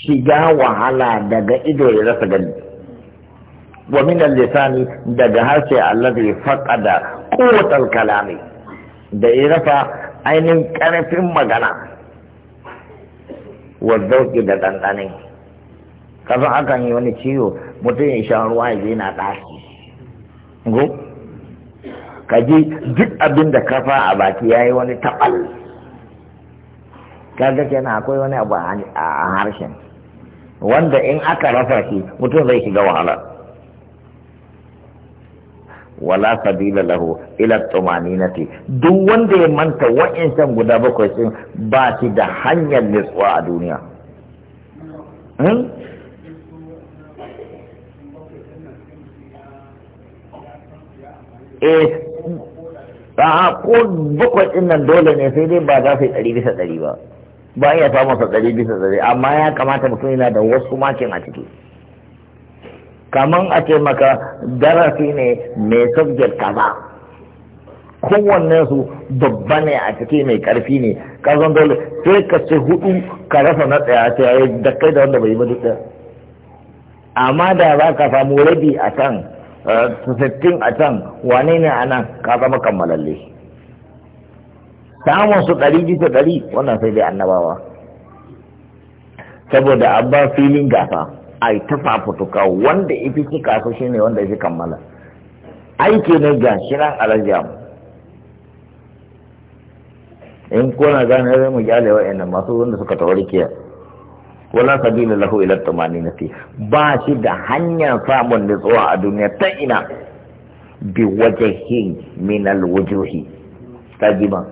shiga wahala daga ido ya rasa gani wa min al-lisani daga harshe allazi faqada al kalami da ya rafa ainihin karfin magana wa zauki da dandane kasan akan yi wani ciwo mutum ya sha ruwa ya je na ɗaki go kaji duk abin da kafa a baki ya yi wani taɓal kaga kenan akwai wani abu a harshen wanda in aka rasa shi mutum zai shiga wahala wala sabila lahu ila tumaninati duk wanda ya manta wa'ancan guda bakwai sun ba shi da hanyar nutsuwa a duniya hmm? eh a ko bakwai din nan dole ne sai dai ba za su yi ɗari bisa ɗari ba ba iya samun sa ɗari bisa ɗari amma ya kamata mutum yana da wasu makin a ciki kaman a ce maka darasi ne mai subject ba kowanne su babba ne a ciki mai karfi ne zan dole sai ka ce hudu ka rasa na tsaya ta yaya da kai da wanda bai yi ba amma da za ka samu rabi a can eh, sittin a can wane ne a nan ka zama kammalalle samun su ɗari bisa ɗari wannan sai dai annabawa saboda abba filin gafa a yi ta fafutuka wanda ifi cika shi ne wanda ifi kammala aiki ne ga a alajiya mu in kona gane zai mu gyale wa'annan masu wanda suka tawar kiya wala sabila lahu ila nafi ba shi da hanyar samun nutsuwa a duniya ta ina bi wajahin min wujuhi tajiba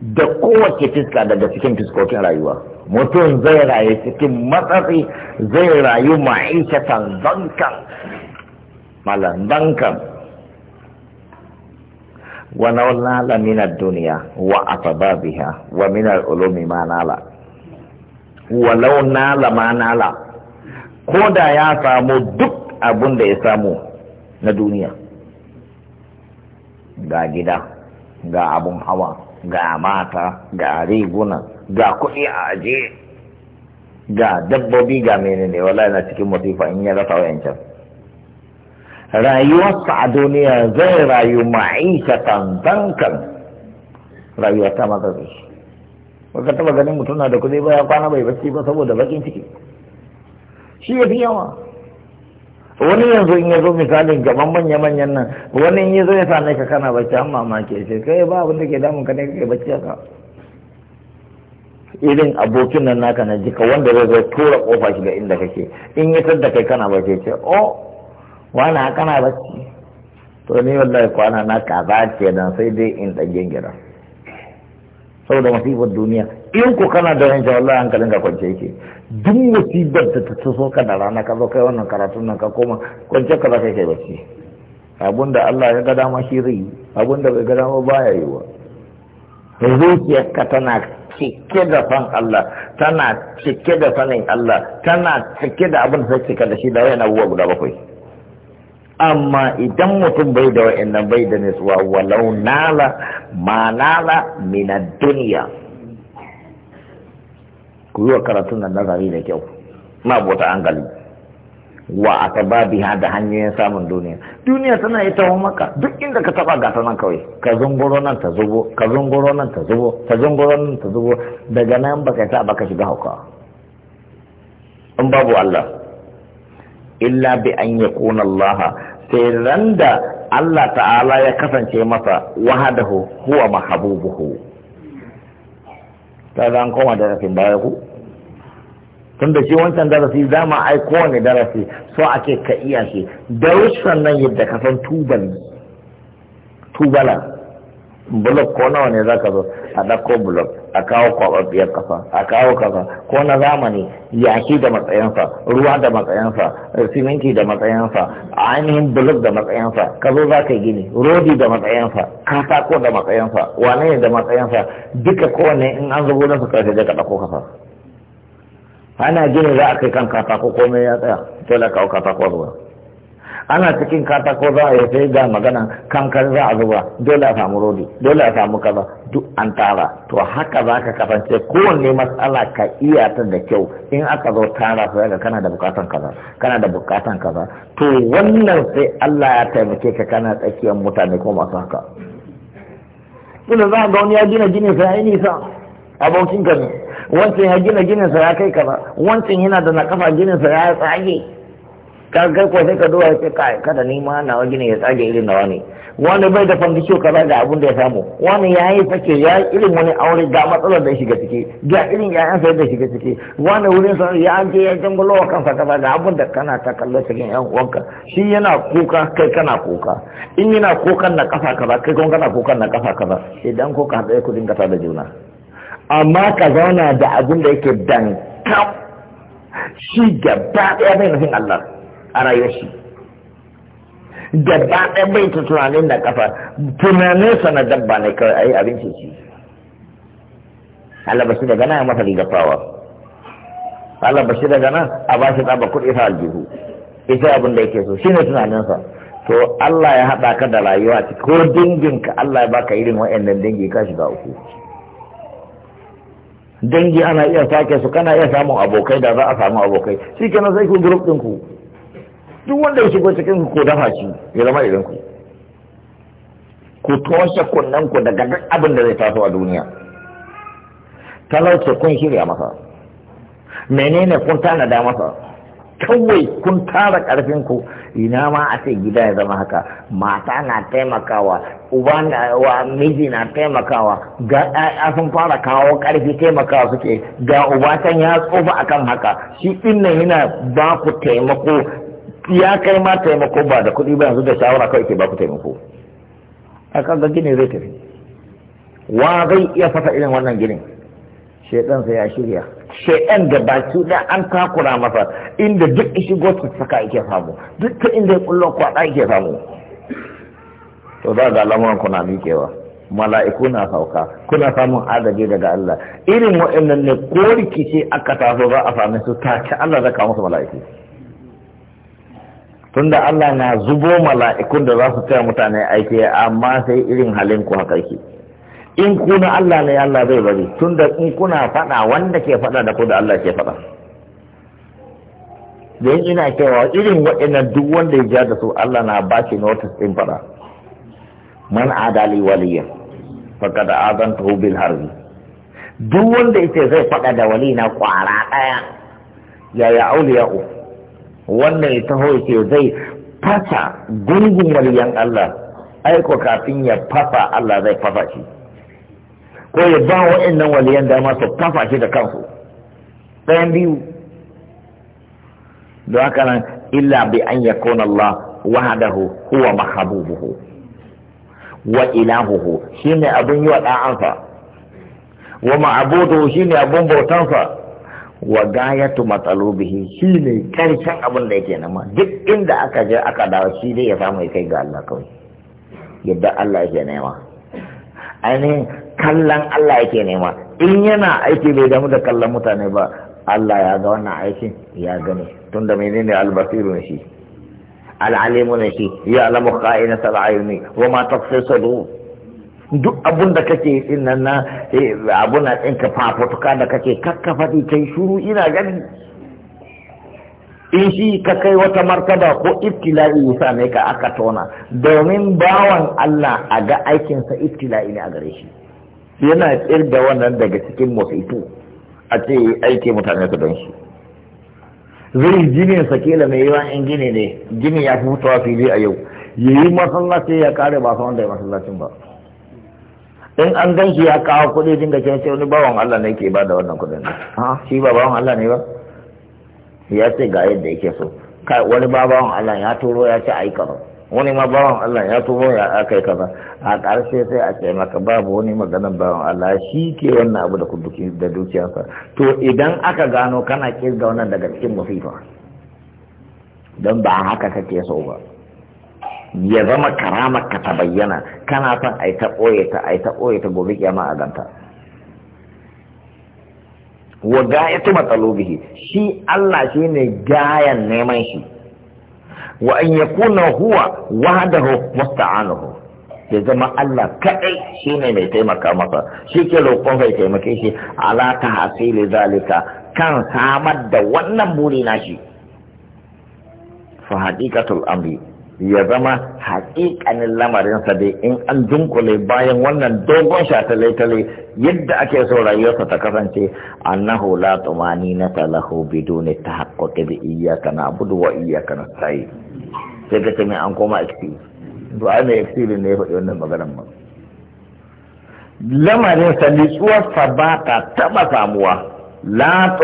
da kowace fiska daga cikin fiskokin rayuwa mutum zai rayu cikin matsatsi zai rayu ma'aikatan zankan malandankan wa nawalna min wa asbabiha wa min al ma nala walau nala ma nala ko da ya samu duk abun da ya samu na duniya ga gida ga abun hawa ga mata ga riguna ga kuɗi a aje ga dabbobi ga menene wallahi na cikin masifa in ya rasa wayancan rayuwarsa a duniya zai rayu ma'aikatan tankan rayuwa ta matsatsi baka taba ganin mutum na da kuɗi ba ya kwana bai bacci ba saboda bakin ciki shi ya fi yawa wani yanzu in yazo misalin gaban manya-manyan nan wani in ya sa ya same ka kana bacci an mamaki ce kai ba abin da ke damun ka ne kai bacci haka irin abokin nan naka na jika wanda zai zai tura kofa shi ga inda kake in yi da kai kana ke ce o wana kana ce to ni wallahi kwana na kaza ce dan sai dai in ɗagen gida saboda masifar duniya in ku kana da yanke wallahi kalin ka kwance yake duk musibar da ta taso ka da rana ka zo kai wannan karatun nan ka koma kwance ka za kai kai bacci abinda Allah ya ga dama shi rai, yi abinda bai ga dama baya yiwa zuciyarka tana cike da san Allah tana cike da sanin Allah tana cike da abin da cika da shi da wayan abubuwa guda bakwai amma idan mutum bai da wayannan bai da nisuwa walau nala ma nala duniya ku yi wa karatun nan nazari da kyau ma bota hankali wa biya da hanyoyin samun duniya duniya tana yi ta maka duk inda ka taba gata nan kawai ka zunguro nan ta zubo ka zunguro nan ta zubo ta zunguro nan ta zubo daga nan ba baka taba baka shiga hauka in babu Allah illa bi an kuna Allah sai da Allah ta'ala ya kasance masa wahadahu huwa mahabubuhu ta zan koma da rafin baya ku tunda shi wancan darasi dama ai kowane darasi so ake ka iya shi darussan nan yadda ka san tubal tubala blok ko nawa ne zaka zo a ɗakko blok a kawo kwababbiyar kafa a kawo kafa ko na zamani yashi da matsayansa ruwa da matsayansa siminti da matsayansa ainihin bulok da matsayansa ka zo za ka gini rodi da matsayansa katako da matsayansa wane da matsayansa duka kowane in an zo gudansa karshe da ka ɗauko kafa ana gini za a kai kan katako komai ya tsaya dole kawo katako zuwa ana cikin katako za a yi sai ga magana kankan za a zuba dole a samu rodi dole a samu kaza duk an tara to haka za ka kasance kowanne matsala ka iya ta da kyau in aka zo tara sai ga kana da bukatan kaza kana da bukatan kaza to wannan sai Allah ya taimake ka kana tsakiyar mutane ko masu haka. Ina za ga wani ya gina gini sai ya yi nisa. abokin ka wancan ya gina ginin sa ya kai kaza wancan yana da na kafa ginin sa ya tsage ka kai ko sai ka duba sai kai kada ni ma na ginin ya tsage irin na wani. wani bai da fandisho kaza ga abun da ya samu wani ya yi sake ya irin wani aure ga matsalar da ya shiga ciki ga irin ƴaƴan sa da shiga ciki wani wurin sa ya je ya jangulo wa kansa kaza ga abun da kana ta kallo cikin yan uwanka shi yana kuka kai kana kuka in yana kukan na kafa kaza kai kuma kana kukan na kafa kaza idan kuka haɗa ku dinga ta da juna amma ka zauna da abin da yake dan shi gaba ɗaya bai nufin Allah a rayuwar shi gaba ɗaya bai ta tunanin da kafa sa na dabba ne kawai a yi abinci shi Allah ba shi daga nan ya masa rigafawa Allah ba shi daga nan a ba shi tsaba kuɗi ta aljihu ita abin da yake so shi ne sa, to Allah ya haɗa ka da rayuwa ko dinginka Allah ya baka irin wa'annan dangi ka shiga uku dangi ana iya sake su kana iya samun abokai da za a samu abokai shi kenan sai ku group ɗin ku duk wanda ya shigo cikin ku dafa shi ya zama idan ku ku toshe kunnen ku daga duk abin da zai taso a duniya talauce kun shirya masa menene kun tanada masa kawai kun tara ku ina ma a ce gida ya zama haka mata na taimakawa uba na wa miji na taimakawa ga a sun fara kawo karfi taimakawa suke ga uba can ya tsofa akan haka shi din yana ba ku taimako ya kai ma taimako ba da kuɗi ba yanzu da shawara kawai ke ba ku taimako a kan gini zai tafi wa zai iya fasa irin wannan ginin shaidan sa ya shirya shaidan da baki da an takura masa inda duk shigo ta saka yake samu duk ta inda ya kullo kwada yake samu to za ga lamuran kuna miƙewa mala'iku na sauka kuna samun adadi daga Allah irin wa'annan ne ko rikici aka taso za a same su take Allah zai kawo musu mala'iku tunda Allah na zubo mala'ikun da za su taya mutane aiki amma sai irin halin ku haka yake in kuna Allah ne Allah zai bari tun da in kuna faɗa wanda ke faɗa da ku da Allah ke faɗa don ina cewa irin waɗannan duk wanda ya ja da su Allah na ba shi notice ɗin faɗa man adali waliya faqad azantahu bil harbi duk wanda yace zai faɗa da wali na kwara ɗaya yaya u wannan ya taho yace zai fasa gungun waliyan Allah aiko kafin ya fafa Allah zai fafa shi ko ya ba wa'annan waliyan dama su kafa da kansu ɗayan biyu don haka nan illa bi an yakuna Allah wahdahu huwa mahabubuhu wa ilahuhu shine abun yi wa wa ma'buduhu shine abun bautansa wa gayatu matsalubihi shine karshen abun da yake nama duk inda aka je aka dawo shi dai ya samu ya kai ga Allah kawai yadda Allah yake nema ainihin kallon Allah yake nema in yana aiki bai damu da kallon mutane ba Allah ya ga wannan aikin ya gane tun da menene albasiru ne shi al'alimu ne shi ya alamu ka'ina sal'ayuni wa ma tafsir sadu duk abun da kake din nan na eh, abun ɗinka fafutuka da kake kakka faɗi kai shuru ina gani in shi ka kai wata martaba ko iftilai ya same ka aka tona domin bawan Allah a ga aikinsa iftilai ne a gare shi yana da wannan daga cikin mafito a ce aiki mutane su don su zai jinin sa kila mai yawan in gini ne gini ya fi fitowa fili a yau Ya yi masallaci ya kare ba su wanda ya masallacin ba in an gan shi ya kawo kuɗi dinga cewa wani bawan Allah ne ke ba da wannan kuɗin ha shi ba bawan Allah ne ba ya ce ga yadda yake so kai wani babawan Allah ya turo ya ce yi kaza wani ma babawan Allah ya turo ya aka yi kaza a ƙarshe sai a ce maka babu wani maganan babawan Allah shi ke wannan abu da kuduki da dukiyarsa to idan aka gano kana kirga wannan daga cikin musifa don ba haka kake so ba ya zama karamar ka ta bayyana kana son ai ta ɓoye ta ai ta ɓoye ta gobe kiyama a ganta wa gayatu matsalubihi shi Allah shi ne gayan neman shi wa an yakuna huwa wahdahu musta'anuhu ya zama Allah kaɗai shi ne mai taimaka masa shi ke kai taimake shi ala ta hasili zalika kan samar da wannan buri na shi fa haqiqatul amri ya zama haƙiƙanin lamarinsa dai in an dunkule bayan wannan dogon shatale-tale yadda ake so rayuwarsa ta kasance annahu la tumani na talahu ne ta haƙƙoƙi da iyaka na abudu wa iyaka na sai sai ka ce mai an koma ikfi to ai mai ikfi ne ya faɗi wannan maganar ma lamarinsa nitsuwarsa ba ta taɓa samuwa la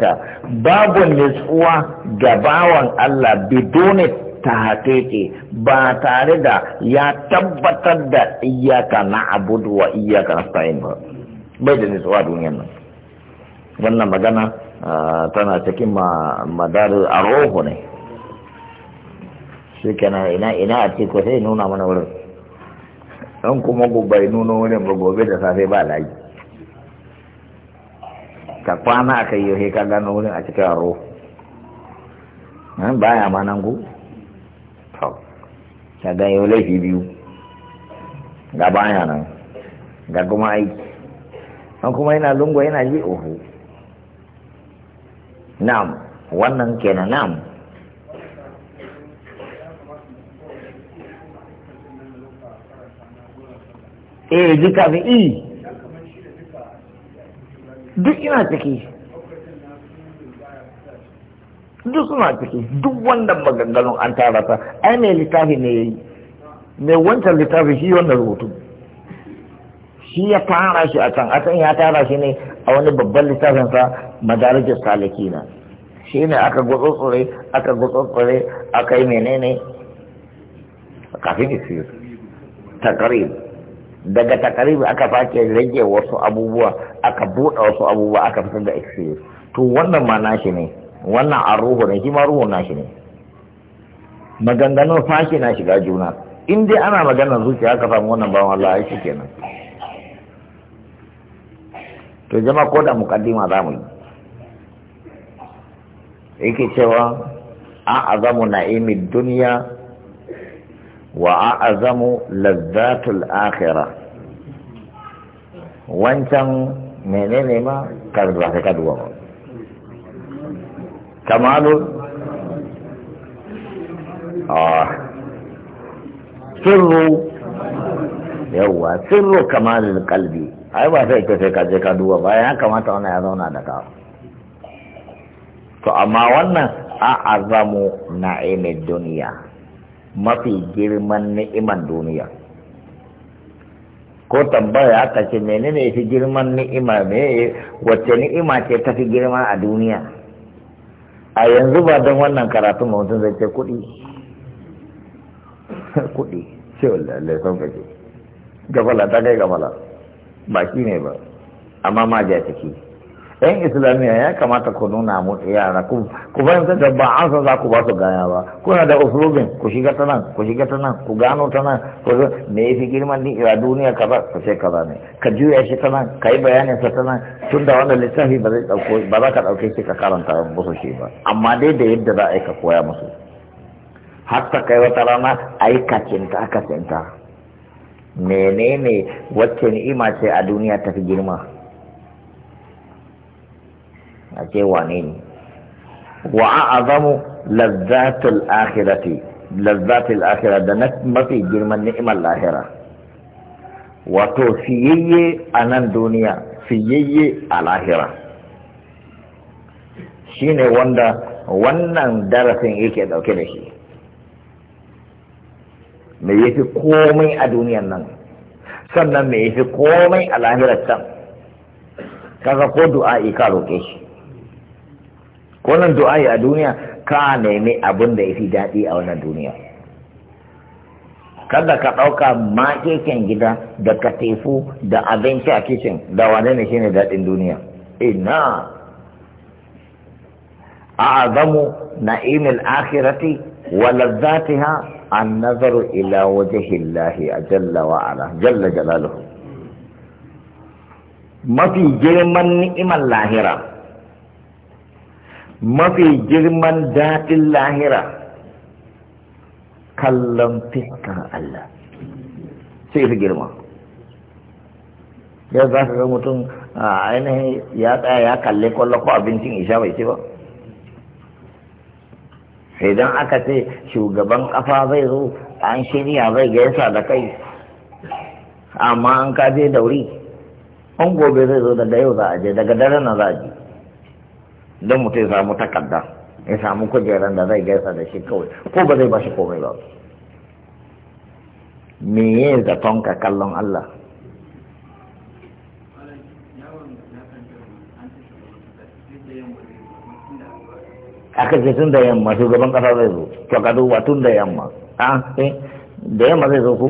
ta babu nitsuwa ga bawan Allah bidone tahatiki ba tare da ya tabbatar da iyaka na abudu wa iyaka nasta'in ba bai da nisuwa duniyar nan wannan magana tana cikin madar a roho ne shi kenan ina ina a ce ko sai nuna mana wurin don kuma bai nuna wurin ba gobe da safe ba layi ka kwana aka yi ka gano wurin a cikin roho baya ma nan ku kaga yau laifi biyu ga baya nan ga kuma aiki an kuma yana lungwa yana ji uhu na'am wannan kenan na'am eh jika bi duk ina ciki duk suna ciki duk wannan maganganun an tara ta ai mai littafi ne ya yi mai wancan littafi shi wannan rubutu shi ya tara shi a can a can ya tara shi ne a wani babban littafin sa saliki na shi ne aka gutsutsure aka gutsutsure aka yi menene kafin isir takarib daga takarib aka fake rage wasu abubuwa aka buɗe wasu abubuwa aka fitar da isir to wannan ma nashi ne wannan a ruhu ne shi ma ruhu nashi ne maganganun fashi na shiga juna in dai ana maganar zuciya ka samu wannan bawon Allah ya shi kenan to jama ko da muqaddima za mu yi yake cewa a azamu na'imi dunya wa a azamu lazzatul akhirah wancan menene ma kan zafi kaduwa kamalun a ah. sirru yawwa sirru kamalin kalbi ai ba sai ka sai je ka duba bayan ya kamata wannan ya zauna da ka to amma wannan a azamu na'imin duniya mafi girman ni'iman duniya ko tambaya aka ce menene fi girman ni'ima me wacce ni'ima ce ta fi girma a duniya a yanzu ba don wannan karatun ba mutum zai ce kuɗi kuɗi ce wallahi son kaje gabala ta kai gabala ba shi ne ba amma ma ja take yan islamiyya ya kamata ku nuna mu yara ku ku bayan ta ba an san za ku ba su gaya ba kuna da usulubin ku shiga ta nan ku shiga ta nan ku gano ta nan ku zo me yafi girman ni ira duniya kaza ka ce kaza ne ka juya shi ta nan ka yi bayanin sa ta nan tun da wannan littafi ba zai dauko ba za ka dauke shi ka karanta musu shi ba amma dai da yadda za a yi ka koya musu har ta kai wata rana a yi kacinta kacinta menene wacce ni'ima ce a duniya ta fi girma a ce wane ne wa a'azamu lazzatul akhirati lazzatul akhira da na mafi girman ni'imar lahira wato fiyayye a nan duniya fiyayye a lahira shine wanda wannan darasin yake dauke da shi me fi komai a duniyan nan sannan me yafi komai a lahirar can kaga ko du'a ka roƙe shi wannan du'a'i a duniya ka nemi abin da ya fi daɗi a wannan duniya kada ka ɗauka makekin gida da katifu da abinci a kicin da wane ne shine daɗin duniya ina a azamu imil akhirati wa lazzatiha an nazaru ila a jalla wa ala jalla jalaluhu mafi girman ni'imar lahira mafi girman daɗin lahira kallon fiskar Allah sai fi girma yau za ka ga mutum a ainihin ya tsaya ya kalle kwallo ko abincin isha bai ce ba sai don aka ce shugaban kafa zai zo an shirya zai gaisa da kai amma an kaje dauri an gobe zai zo daga yau za a je daga dare na za a je don mutum ya samu takarda ya samu kujeran da zai gaisa da shi kawai ko ba zai ba shi komai ba me ya zaton ka kallon Allah aka ce tun da yamma shugaban kasa zai zo to ka duba tun da yamma eh? da yamma zai zo ku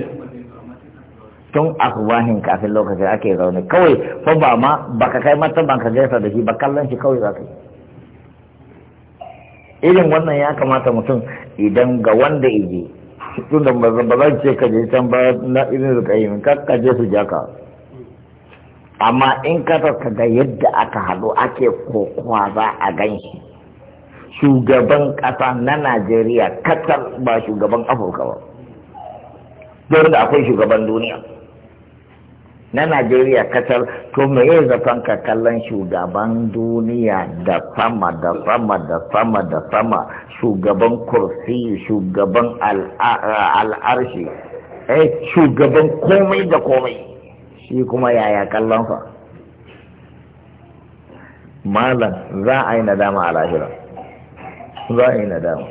tun asubahin kafin lokacin ake zaune kawai fa ba ma baka kai mata ban ka gaisa da shi ba kallon shi kawai za ka yi irin wannan ya kamata mutum idan ga wanda ije tun da ba zan ce ka je can ba na irin da yi min ka je su jaka amma in ka ka ga yadda aka haɗu ake kokowa za a gan shi shugaban ƙasa na najeriya katar ba shugaban afirka ba don da akwai shugaban duniya na Najeriya kasar to me ya zafan ka kallon shugaban duniya da sama da sama da sama da sama shugaban kursi shugaban al'arshi eh shugaban komai da komai shi kuma yaya kallon fa malam za a yi nadama a lahira za a yi nadama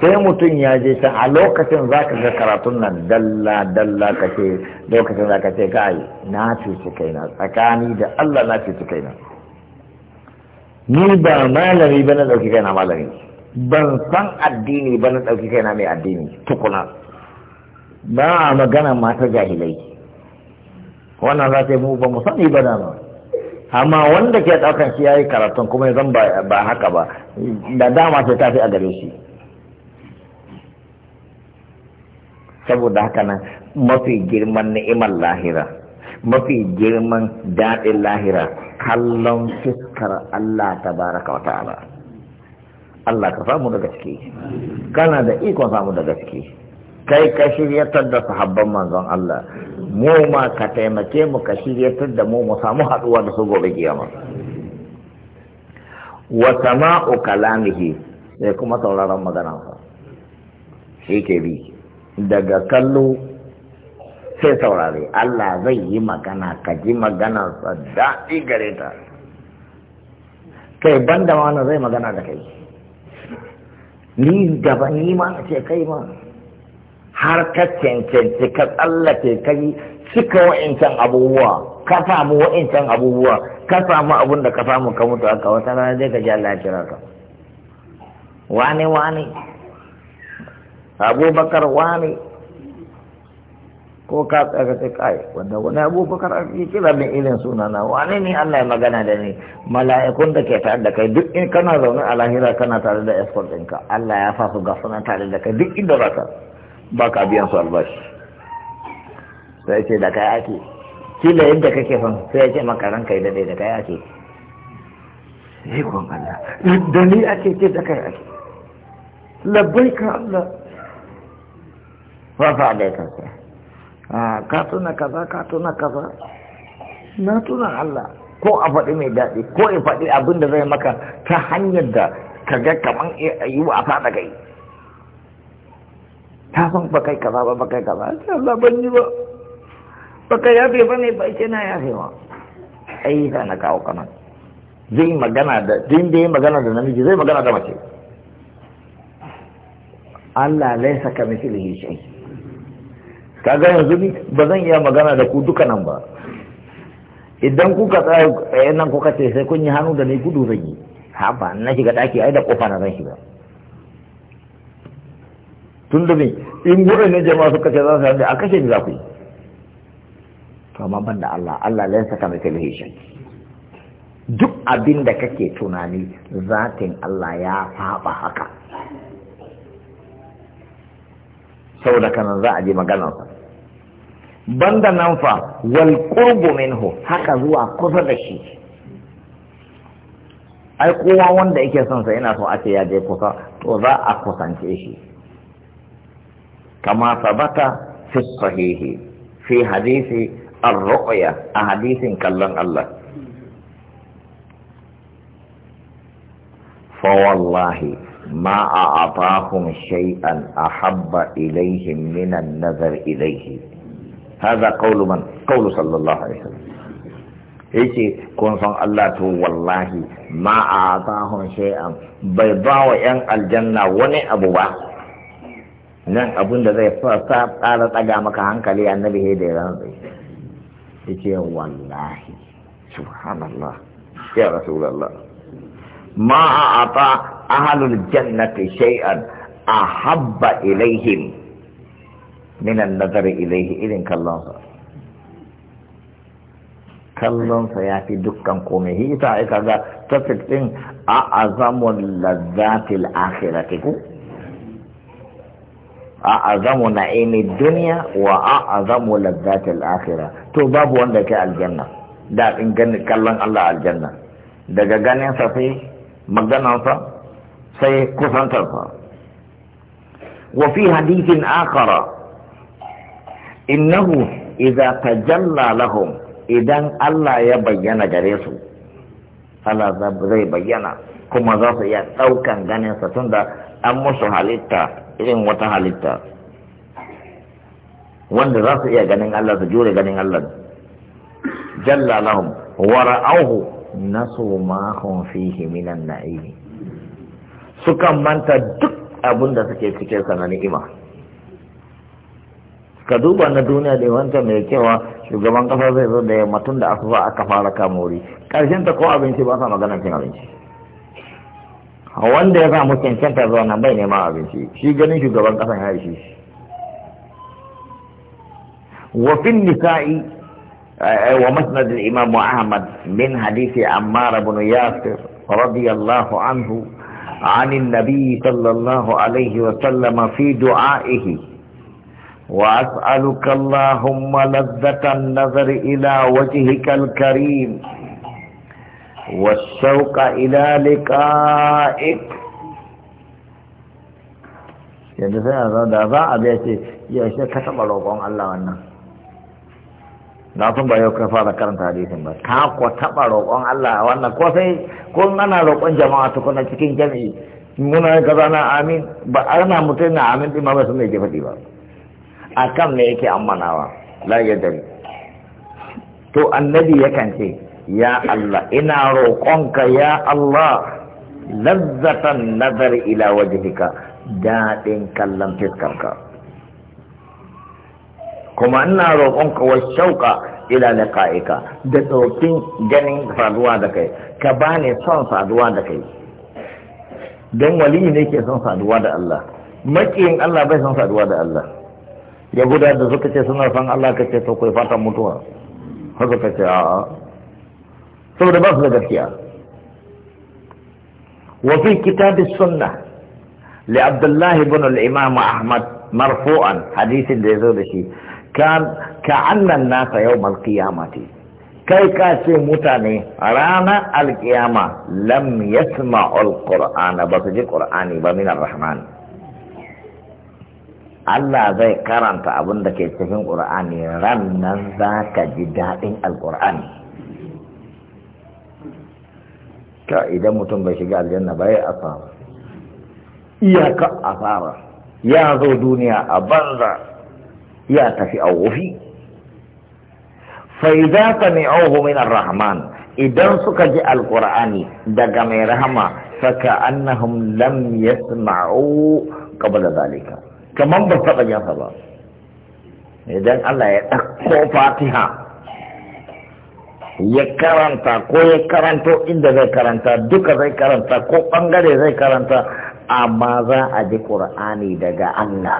sai mutum ya je ta a lokacin za ka ga karatun nan dalla dalla ka ce lokacin za ka ce kai na cuci kaina tsakani da Allah na kai kaina ni ba malami ba na ɗauki kaina malami ban san addini ba na ɗauki kaina mai addini tukuna ba a magana mata jahilai wannan za ta yi mu ba mu sani ba dama amma wanda ke ɗaukan shi ya yi karatun kuma zan ba haka ba da dama sai ta fi a gare shi saboda haka nan mafi girman ni'imar lahira mafi girman daɗin lahira kallon fiskar Allah ta baraka wa ta'ala Allah ka samu da gaske kana da ikon samu da gaske kai ka shiryatar da sahabban manzon Allah mu ma ka taimake mu ka shiryatar da mu mu samu haɗuwa da su gobe kiyama wa sama'u kalamihi sai kuma sauraron maganansa shi ke bi daga kallo sai saurare Allah zai yi magana ka ji magana daɗi gare ta kai ban da wani zai magana da kai ni gaba yi ma a ce kai ma har ka cancanci ka tsallake kai cika wa'incan abubuwa ka samu wa'incan abubuwa ka samu abun da ka samu ka mutu aka wata rana zai ka ji Allah ya kira ka wani wani abubakar wani ko ka tsaya ta kai wanda wani abubakar a cikin kira mai irin sunana Wani ne Allah ya magana da ni mala'ikun da ke tare da kai duk in kana zaune a lahira kana tare da escort ɗinka Allah ya fasu ga suna tare da kai duk inda ba ka ba ka biyan su albashi sai ce da kai ake kila yadda kake son sai ya ce maka ranka yi daɗe da kai ake ikon Allah da ni ake ce da kai ake labbaika Allah fafa da kansa ka tuna kaza ka tuna kaza na tuna Allah ko a faɗi mai daɗi ko a faɗi abin da zai maka ta hanyar da ka ga kaman yi wa da kai ta san ba kai kaza ba ba kai kaza ta Allah ban yi ba ba kai yafe ba ne ba ce na yafe ma ai ta na kawo kana zai magana da din da magana da namiji zai magana da mace Allah laisa ka mislihi kaga yanzu ni ba zan iya magana da ku duka nan ba idan kuka tsaya tsaye eh, nan kuka ce sai kun yi hannu da ni gudu zan yi haba na shiga daki ai da kofa na zan shiga tun da ni in gurin ne jama'a suka ce za su hannu a kashe ni za ku yi to amma ban da Allah Allah lai saka mai television duk abin da kake tunani zatin Allah ya faɓa haka saboda kanan za a je maganarsa banda nan fa wal qurbu minhu haka zuwa kusa da shi ai kowa wanda yake son sa yana so a ce ya je kusa to za a kusance shi kama sabata fi sahihi fi hadisi ar-ru'ya a hadisin kallon Allah fa wallahi ma a abahum shay'an ahabba ilaihim minan nazar ilaihi haza قول من قول صلى الله Ya ce kun san Allah to wallahi ma a atahun shay'an bai ba wa yan aljanna wani abu ba nan abun da zai fasa tsara tsaga maka hankali annabi he da ran ce wallahi subhanallah ya rasulullah ma a ata ahalul jannati shay'an ahabba ilaihim من النظر إليه إذن كاللانسا كاللانسا يأتي دكا قومي هي كذا تفكتين أعظم لذات الآخرة أعظم نعيم الدنيا وأعظم لذات الآخرة تو باب وندك الجنة دا إن كان كاللون الله الجنة دا ganinsa صفي maganansa sai kusantarsa وفي حديث آخر innahu idza tajalla lahum idan Allah ya bayyana gare su Allah zai bayyana kuma za su iya ɗaukan ganin sa tunda an musu halitta irin wata halitta wanda za su iya ganin Allah su jure ganin Allah jalla lahum wa ra'awhu nasu ma hum fihi minan na'im sukan manta duk abin da suke cikin sa na ni'ima ka duba na duniya da wanta mai cewa shugaban kasa zai zo da yamma tun da asuba aka fara kamori karshen ta ko abinci ba sa magana cin abinci wanda ya samu cancanta zuwa nan bai neman abinci shi ganin shugaban kasan ya yi shi wafin nisa'i eh, wa masnad imam ahmad min hadisi ammar ibn yasir radiyallahu anhu عن النبي صلى الله عليه وسلم في دعائه وأسألك اللهم لذة النظر إلى وجهك الكريم والشوق إلى لقائك yadda sai yanzu da za a biya ce ya shi ka taɓa roƙon Allah wannan na sun ba yau ka fara karanta hadisin ba ka ko taɓa roƙon Allah wannan ko sai ko ana roƙon jama'a kuna cikin jami'i muna kaza na amin ba ana mutum na amin ɗin ma ba su mai jefaɗi faɗi ba a kan me yake ammanawa la ya dari to annabi yakan ce ya Allah ina roƙonka ya Allah lazzatan nazar ila wajhika daɗin kallon fiskarka kuma ina roƙonka wa shauƙa ila liqa'ika da tsokin ganin saduwa da kai ka bani son saduwa da kai don wali ne ke son saduwa da Allah maƙiyin Allah bai son saduwa da Allah yahuda da suka ce suna san Allah ka ce to kai fatan mutuwa har suka ce a'a saboda ba su da gaskiya wa fi kitab sunna li abdullahi ibn al-imam ahmad marfu'an hadisin da yazo da shi kan ka annan nasa yawmal qiyamati kai ka ce mutane ranar alkiyama lam yasma'ul qur'ana ba su ji qur'ani ba min ar-rahman Allah zai karanta abin da ke cikin ƙur'ani ran nan za ka ji daɗin alƙur'ani ka idan mutum bai shiga aljanna ba ya asara iyaka asara ya zo duniya a banza ya tafi a wufi faiza ka mai min rahman idan suka ji alkur'ani daga mai rahama saka annahum lam yasma'u qabla zalika kamar ba taɓa jansa ba idan Allah ya ɗauko fatiha ya karanta ko ya karanto inda zai karanta duka zai karanta ko ɓangare zai karanta amma za a ji ƙur'ani daga Allah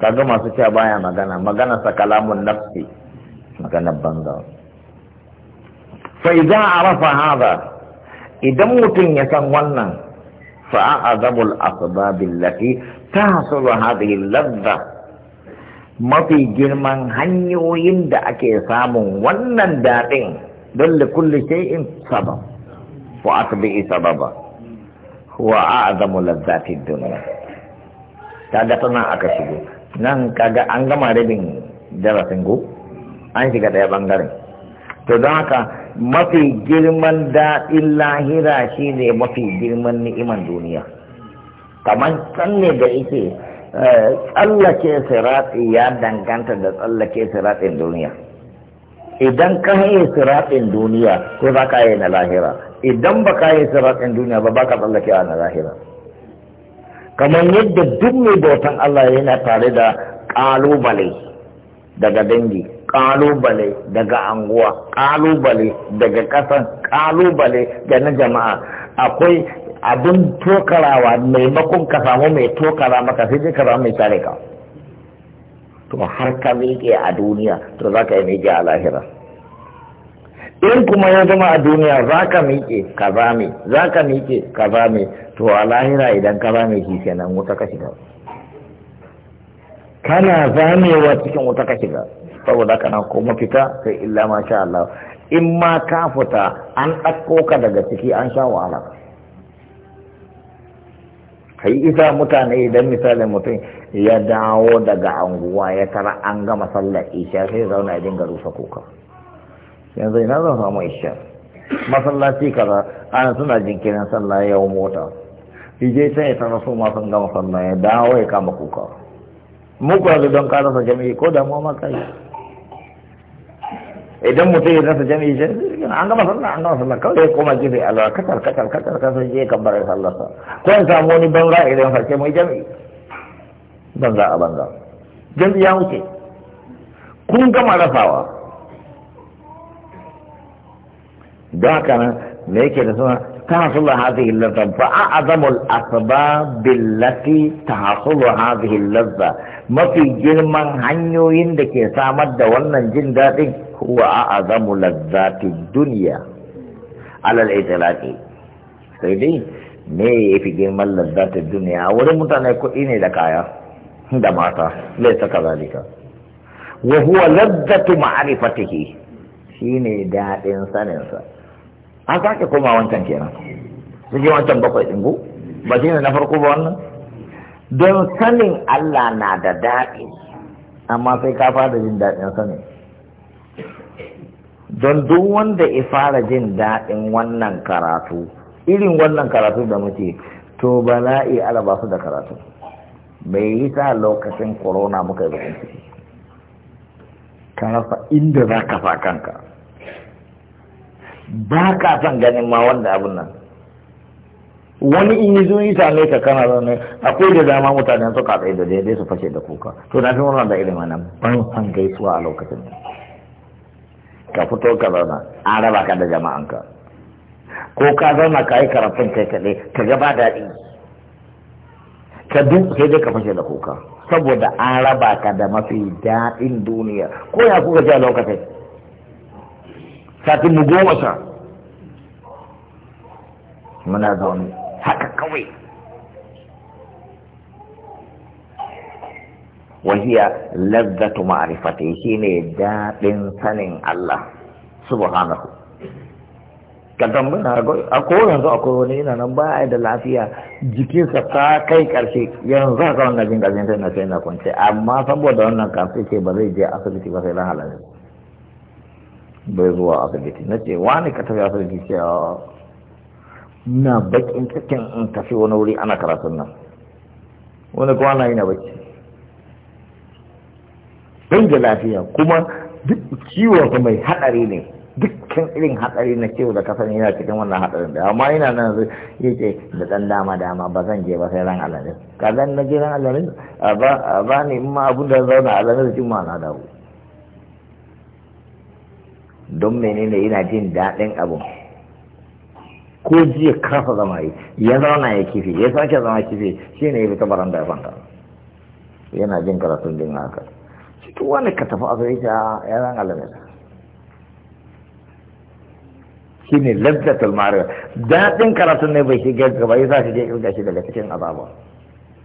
kaga masu cewa baya magana magana sa kalamun nafsi magana banza fa idan arafa hada idan mutum ya san wannan فأعظم الأسباب ta تحصل هذه اللذة mafi girman hanyoyin da ake samun wannan daɗin don da kulle shay'in sabab wa atbi'i sababa huwa a'zamu lazzatid dunya aka shigo nan kaga an gama rabin darasin go an shiga daya bangaren to don haka mafi girman daɗin lahira shi ne mafi girman ni'iman duniya kamar can ne da yake eh, tsallake siratsi ya danganta da tsallake siratsin duniya idan ka haye siratsin duniya ko za ka yi na lahira idan ba ka yi siratsin duniya ba ba ka tsallake na lahira kamar yadda duk mai bautan Allah yana tare da ƙalubale daga dangi kalubale daga anguwa kalubale daga kasan kalubale ga na jama'a akwai abin tokarawa maimakon ka samu mai tokara maka sai dai ka samu mai tare ka to har ka miƙe a duniya to za ka yi miƙe a lahira in kuma ya zama a duniya za ka miƙe ka zame za ka miƙe ka zame to a lahira idan ka zame shi kenan wuta ka shiga kana zamewa cikin wuta ka shiga saboda kana ko fita sai illa ma sha Allah in ma ka fita an ɗauko ka daga ciki an sha wahala kai isa mutane idan misalin mutum ya dawo daga anguwa ya tara an gama sallar isha sai zauna ya dinga rusa kuka yanzu ina zan samu isha masallaci kaza ana suna jinkirin sallah yau mota ije ta ya tara su ma sun gama sallah ya dawo ya kama kuka mu don don rasa jami'i ko damuwa ma kai idan mutum ya rasa jami'i shi an gama sallah an gama sallah kawai ya koma gefe alwa katar katar katar je kan bar sallah sa ko in samu wani banza idan farke mai jami'i banza a banza jami'i ya wuce kun gama rasawa da haka nan me yake da suna تحصل هذه اللذة فأعظم الأسباب التي تحصل هذه اللذة ما في جرمان هنيوين دكي سامد دولنا جنداتي huwa a'azamu lazzati dunya ala al-itlaqi sai dai me yafi girman lazzatin duniya wurin mutane kuɗi ne da kaya da mata laisa kazalika wa huwa lazzatu ma'rifatihi shine daɗin saninsa an sake koma wancan kenan sai wancan bakwai din go ba shi ne na farko ba wannan don sanin Allah na da daɗi amma sai ka fara jin daɗin sanin don duk wanda ya fara jin daɗin wannan karatu irin wannan karatu da muke to bala'i ba su da karatu bai yi ta lokacin corona muka yi bakin ciki ka inda za ka fa kanka ba ka san ganin ma wanda abin nan wani in yi zuwa ne ka kana zaune akwai da dama mutane suka tsaye da daidai su fashe da kuka to na fi wannan da irin wannan ban san gaisuwa a lokacin ka fito ka zauna an raba ka da jama'anka ko ka zauna ka yi karatun kai kaɗai ka gaba daɗi ka duk sai dai ka fashe da kuka saboda an raba ka da mafi daɗin duniya ko ya kuka ji a lokacin satin mu goma sha muna zaune haka kawai wahiya lazzatu ma'rifati shine dadin sanin Allah subhanahu kadan muna a ko yanzu akwai wani ina nan ba da lafiya jikinsa ta kai karshe yanzu haka wannan jin karshen sai na sai na kwance amma saboda wannan kafin ce ba zai je asibiti ba sai ran halal bai zuwa asibiti na ce wani ka tafi asibiti ce na bakin cikin in tafi wani wuri ana karatun nan wani kuma na yi na don ga lafiya kuma duk ciwon mai haɗari ne dukkan irin hadari na ciwo da kasan yana cikin wannan hadarin da amma yana nan zai ce da dan dama dama ba zan je ba sai ran alamin ka zan na je ran alamin a ba ni in ma abin da zauna alamin da ma na dawo don menene yana jin daɗin abu ko jiya kafa zama yi ya zauna ya kifi ya sake zama kifi shine ya fita baranda ya fanta yana jin karatun din haka to wani ka tafi azuri ta yaran alamis shi ne lazzatul ma'arifa daɗin karatun ne bai shiga gaba ya sa shi je kirga shi daga cikin azaba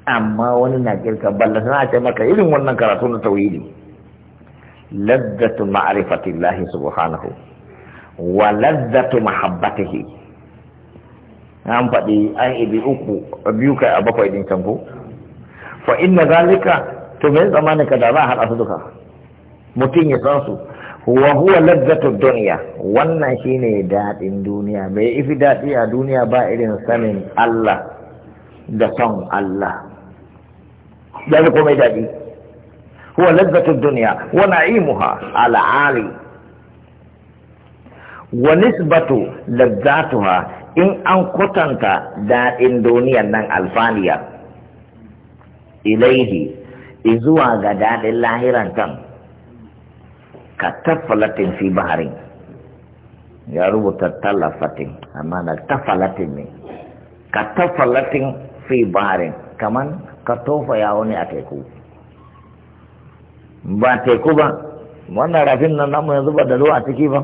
amma wani na kirka balla sana ce maka irin wannan karatu na tauhidi lazzatu ma'rifatillahi subhanahu wa lazzatu mahabbatihi an faɗi an ibi uku biyu kai a bakwai din can ko fa inna zalika to me zamanin ka da ba a haɗa su duka mutum ya san su wa huwa ladzatu dunya wannan shine dadin duniya me ifi dadi a duniya ba irin sanin Allah da son Allah da ko mai dadi huwa ladzatu dunya wa na'imuha ala ali wa nisbatu ladzatuha in an kwatanta dadin duniyan nan alfaniya ilaihi izuwa ga daɗin lahiran kan ka tafalatin fi baharin ya rubuta talafatin amma na tafalatin ne ka tafalatin fi baharin kaman ka tofa yawo ne a teku ba teku ba wannan rafin nan namu yanzu ba da ruwa a ciki ba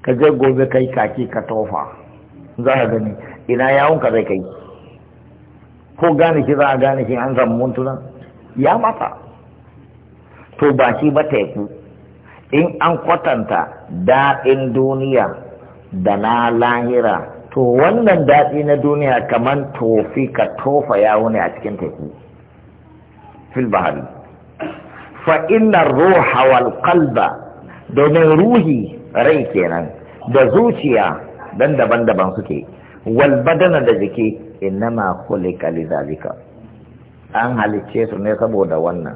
ka je gobe kai kaki ka tofa za ka gani ina yawon ka zai kai ko gane shi za a gane shi an samu muntuna ya mata to ba shi ba teku in an kwatanta daɗin duniya da na lahira to wannan daɗi na duniya kamar tofi ka tofa ya wuni a cikin teku fil bahari fa inna ruha wal qalba domin ruhi rai kenan da zuciya dan daban-daban suke wal badana da jiki innama khuliqa lidhalika an halicce su ne saboda wannan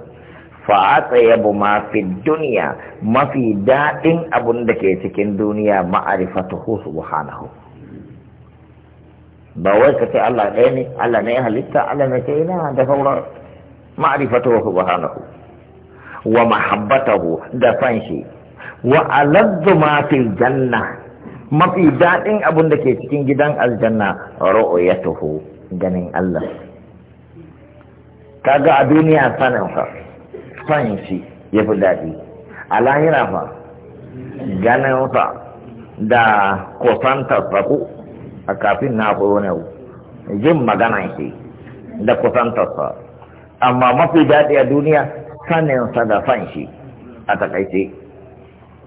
fa'atsa yabo mafi duniya mafi daɗin abun da ke cikin duniya ma'arifatuhu subhanahu ba wai ka ce Allah ɗaya ne Allah ne halitta Allah ne ke ina da sauran ma'arifatuhu subhanahu wa mahabbatahu da fanshi wa aladdu ma janna mafi daɗin abun da ke cikin gidan aljanna ru'yatuhu ganin Allah ga a duniya sanin fa sanin shi ya fi daɗi a lahira fa ganin fa da kusantar faku a kafin na koyo ne jin magana shi da kusantar sa amma mafi daɗi a duniya sanin sa da san shi a takaice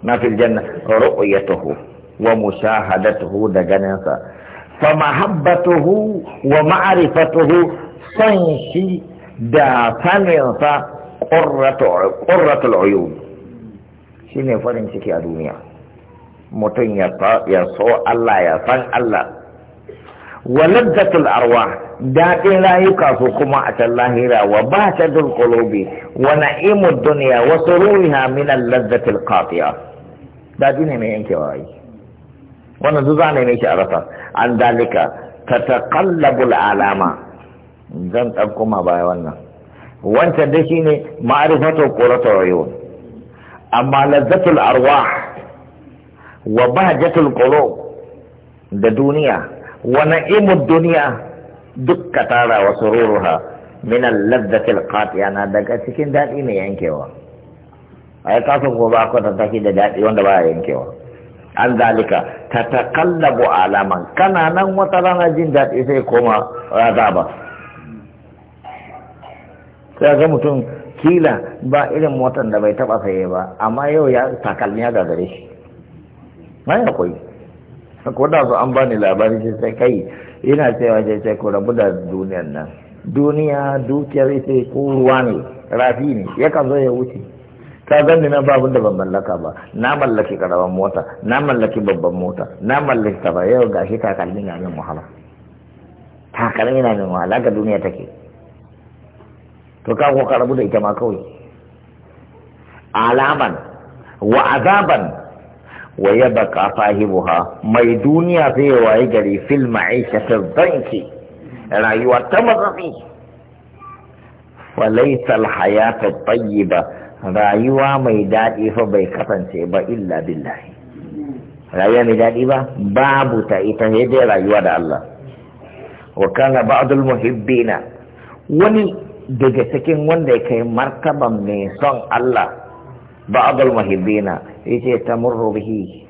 na fi janna ru'yatuhu wa mushahadatuhu da ganin sa fa mahabbatuhu wa ma'rifatuhu san shi da saninsa ƙurratul uyun shi ne farin ciki a duniya mutum ya so Allah ya san Allah waladdatul arwa daɗin rayuka su kuma a can lahira wa ba ta dulkulobi wa na'imud duniya wasu sururiha min alladdatil qati'a daɗi ne mai yankewa yi wannan zuza ne mai shi a rasa an dalika tataqallabul alama zan ɗan koma baya wannan wancan dai shine ma'arifatul qurratu uyun amma lazzatul arwah wa bahjatul qulub da duniya wa na'imud duniya duk tara wa sururuha min al-ladzatil qati'a na daga cikin daɗi mai yankewa ai kafin gobe ko ta tafi da daɗi wanda ba yankewa an zalika ta takallabu alaman kana nan wata rana jin daɗi sai koma azaba sai ga mutum kila ba irin motar da bai taba saye ba amma yau ya takalmi ya gagare shi mai akwai ko da su an bani labari shi sai kai ina cewa ce sai ko rabu da duniyar nan duniya dukiyar ita ko ruwa ne rafi ne kan zo ya wuce ka gani na babu da ban mallaka ba na mallaki karaban mota na mallaki babban mota na mallaki ta ba yau gashi takalmi na min wahala takalmi na min wahala ga duniya take to ka ko karabu da ita ma kawai alaman wa azaban wa yabqa fahibuha mai duniya sai waye gari fil ta danki rayuwa ta matsafi falaita alhayata tayyiba rayuwa mai daɗi fa bai kasance ba illa billahi rayuwa mai daɗi ba babu ta ita ne dai rayuwa da Allah wa kana ba'dul muhibbina wani daga cikin wanda ya kai martaban mai son Allah ba'adul mahibbina yace tamurru bihi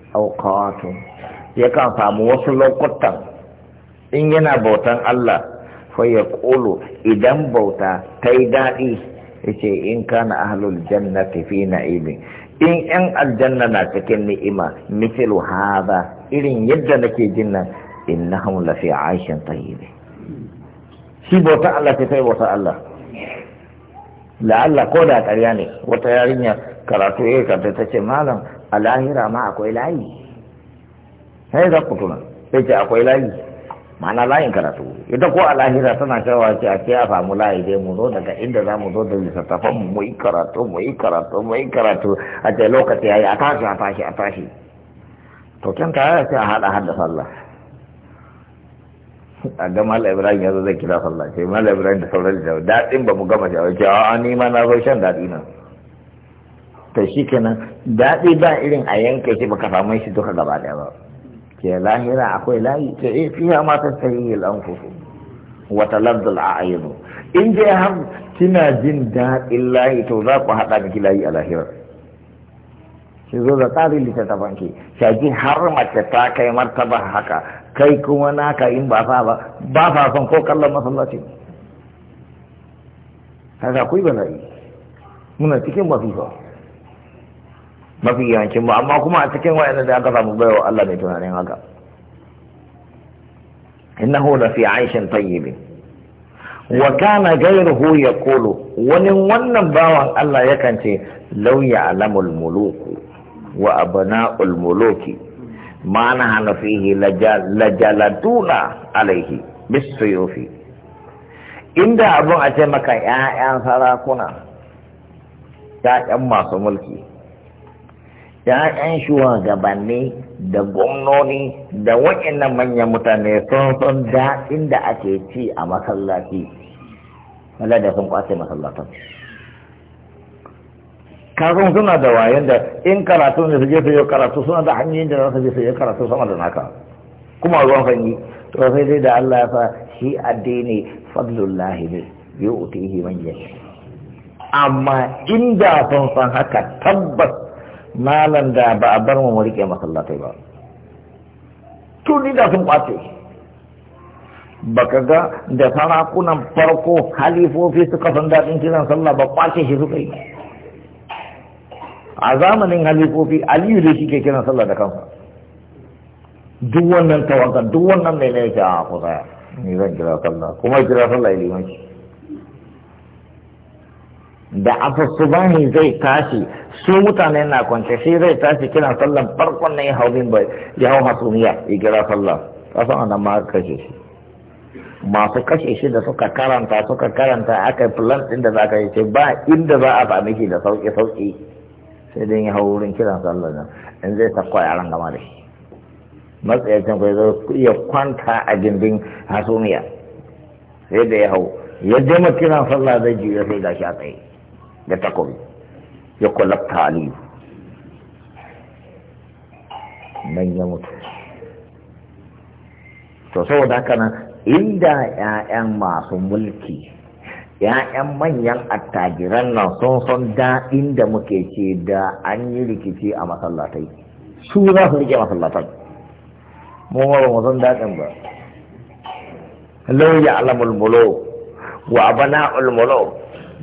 Ya kan samu wasu lokutan in yana bautan Allah fa kulu idan bauta ta yi daɗi yace in kana ahlul jannati fi na'imi in yan aljanna na cikin ni'ima mithlu hadha irin yadda nake jin nan innahum lafi aishin tayyibin shi bauta Allah ce sai bauta Allah la'alla ko da ƙarya ne wata yarinya karatu ya karta ta ce malam a lahira ma akwai layi sai za ku tuna sai ce akwai layi ma'ana layin karatu ita ko a lahira tana cewa ce a ce a samu layi dai mu zo daga inda za mu zo da littattafan mu mu yi karatu mu yi karatu mu yi karatu a ce lokaci ya yi a tashi a tashi a tashi to kyan ta ya ce a haɗa haɗa sallah a ga mala ibrahim ya zo zai kira sallah sai mala ibrahim da sauran da daɗin ba mu gama shi a ce a ni ma na zo shan daɗi na. ta shi kenan daɗi ba irin a yanka shi baka samu shi duka gaba ɗaya ba ke lahira akwai layi eh, fi ya mata ma yi lankufu Wata wa a ayyano in dai har kina jin daɗin layi to za ku haɗa miki layi a lahira shi zo da tsarin littattafan ki shaji har mace ta kai martaba haka kai kuma naka in ba fa ba ba fa son ko kallon masallaci kaga kuyi ba zai muna cikin ba mafi yankin ba amma kuma a cikin wa'anda da aka samu baiwa Allah mai tunanin haka innahu la fi aishin tayyibin wa kana ghayruhu yaqulu wani wannan bawan Allah yakan ce law ya'lamul muluku wa abna'ul muluki ma hana fihi lajalatuna alaihi bisuyufi inda abun a ce maka ƴaƴan sarakuna yayan masu mulki ƴaƴan shugabanni da gwamnoni da waɗannan manyan mutane sun san daɗin da ake ci a masallaci Allah da sun kwace masallatan kazan suna da wayan da in karatu ne su je su yi karatu suna da hanyoyin da za su je su yi karatu sama da naka kuma ruwan fanyi to sai dai da Allah ya sa shi addini fadlullahi ne yu'tihi man yake amma inda sun san haka tabbas malan da ba a bar mu mu rike masallatai ba to ni da sun kwace baka ga da sarakunan farko halifofi suka san daɗin kiran sallah ba kwace shi suka yi a zamanin halifofi aliyu da shi ke kiran sallah da kansa duk wannan tawanka duk wannan mai ne yake a ah, kusa ni zan kira sallah kuma kira sallah ya limanci da asusubahi zai tashi su mutane na kwance shi zai tashi kiran sallah farkon na ya hau bin bai ya hau hasumiya ya kira sallah kasan ana ma kashe shi masu kashe shi da suka karanta suka karanta aka yi plan din da za ka yi ce ba inda za a sami shi da sauƙi-sauƙi sai dai ya hau wurin kiran sallar nan in zai kwaya ran gama da shi matsayacin kwai ya iya kwanta a gindin hasumiya sai da ya hau ya jama kiran Sallar zai ya sai gashi a tsaye da takobi ya kulabta aliyu nan ya mutu to saboda haka nan inda 'ya'yan masu mulki ‘ya'yan manyan attajiran nan sun san daɗin da muke ce da an yi rikici a masallatai su za su rike masallatan mu ma ba mu san daɗin ba lau ya wa abana ulmulo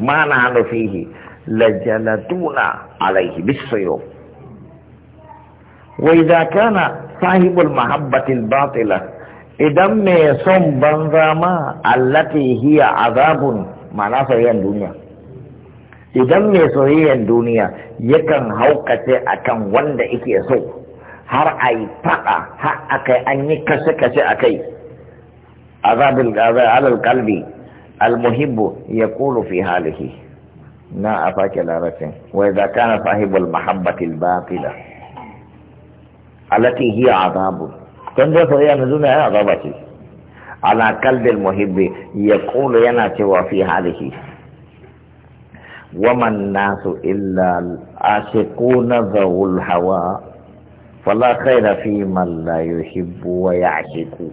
ma na hannu fihi lajalatuna alaihi bisayo wa idza kana sahibul mahabbatil batila idan mai son banza ma allati hiya azabun ma'ana soyayyen duniya idan mai soyayyen duniya yakan haukace a kan wanda yake so har a yi faɗa har kai an yi kashe-kashe a kai azabul alal kalbi almuhibbu ya kulu fi halihi na a fake larabcin wai za kana sahibul mahabbatil batila alati hiya azabu don zai soyayya na duniya ya azaba ce ala kalbin muhibbi ya kula yana cewa fi halihi waman nasu illa na zawul hawa fala khaira fi man la yuhibbu wa ya'shiqu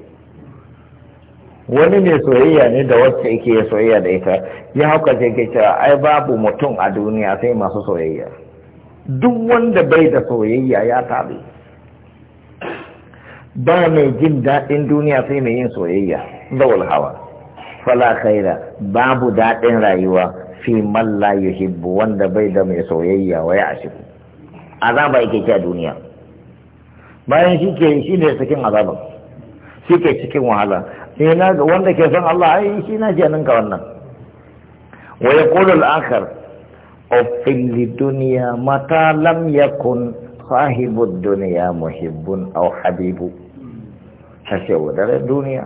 wani ne soyayya ne da wacce yake soyayya da ita ya hauka ce ke cewa ai babu mutum a duniya sai masu soyayya duk wanda bai da soyayya ya tabe ba mai jin daɗin duniya sai mai yin soyayya zawal hawa fala khaira babu daɗin rayuwa fi man la yuhibbu wanda bai da mai soyayya wa ya ashiku azaba yake ci a duniya bayan shi ke shi ne cikin azaban shi ke cikin wahala sai na ga wanda ke son Allah ai shi na ji ka wannan wa yaqulu al-akhar uffin lid-dunya mata lam yakun صاحب الدنيا محب أو حبيب تشو در الدنيا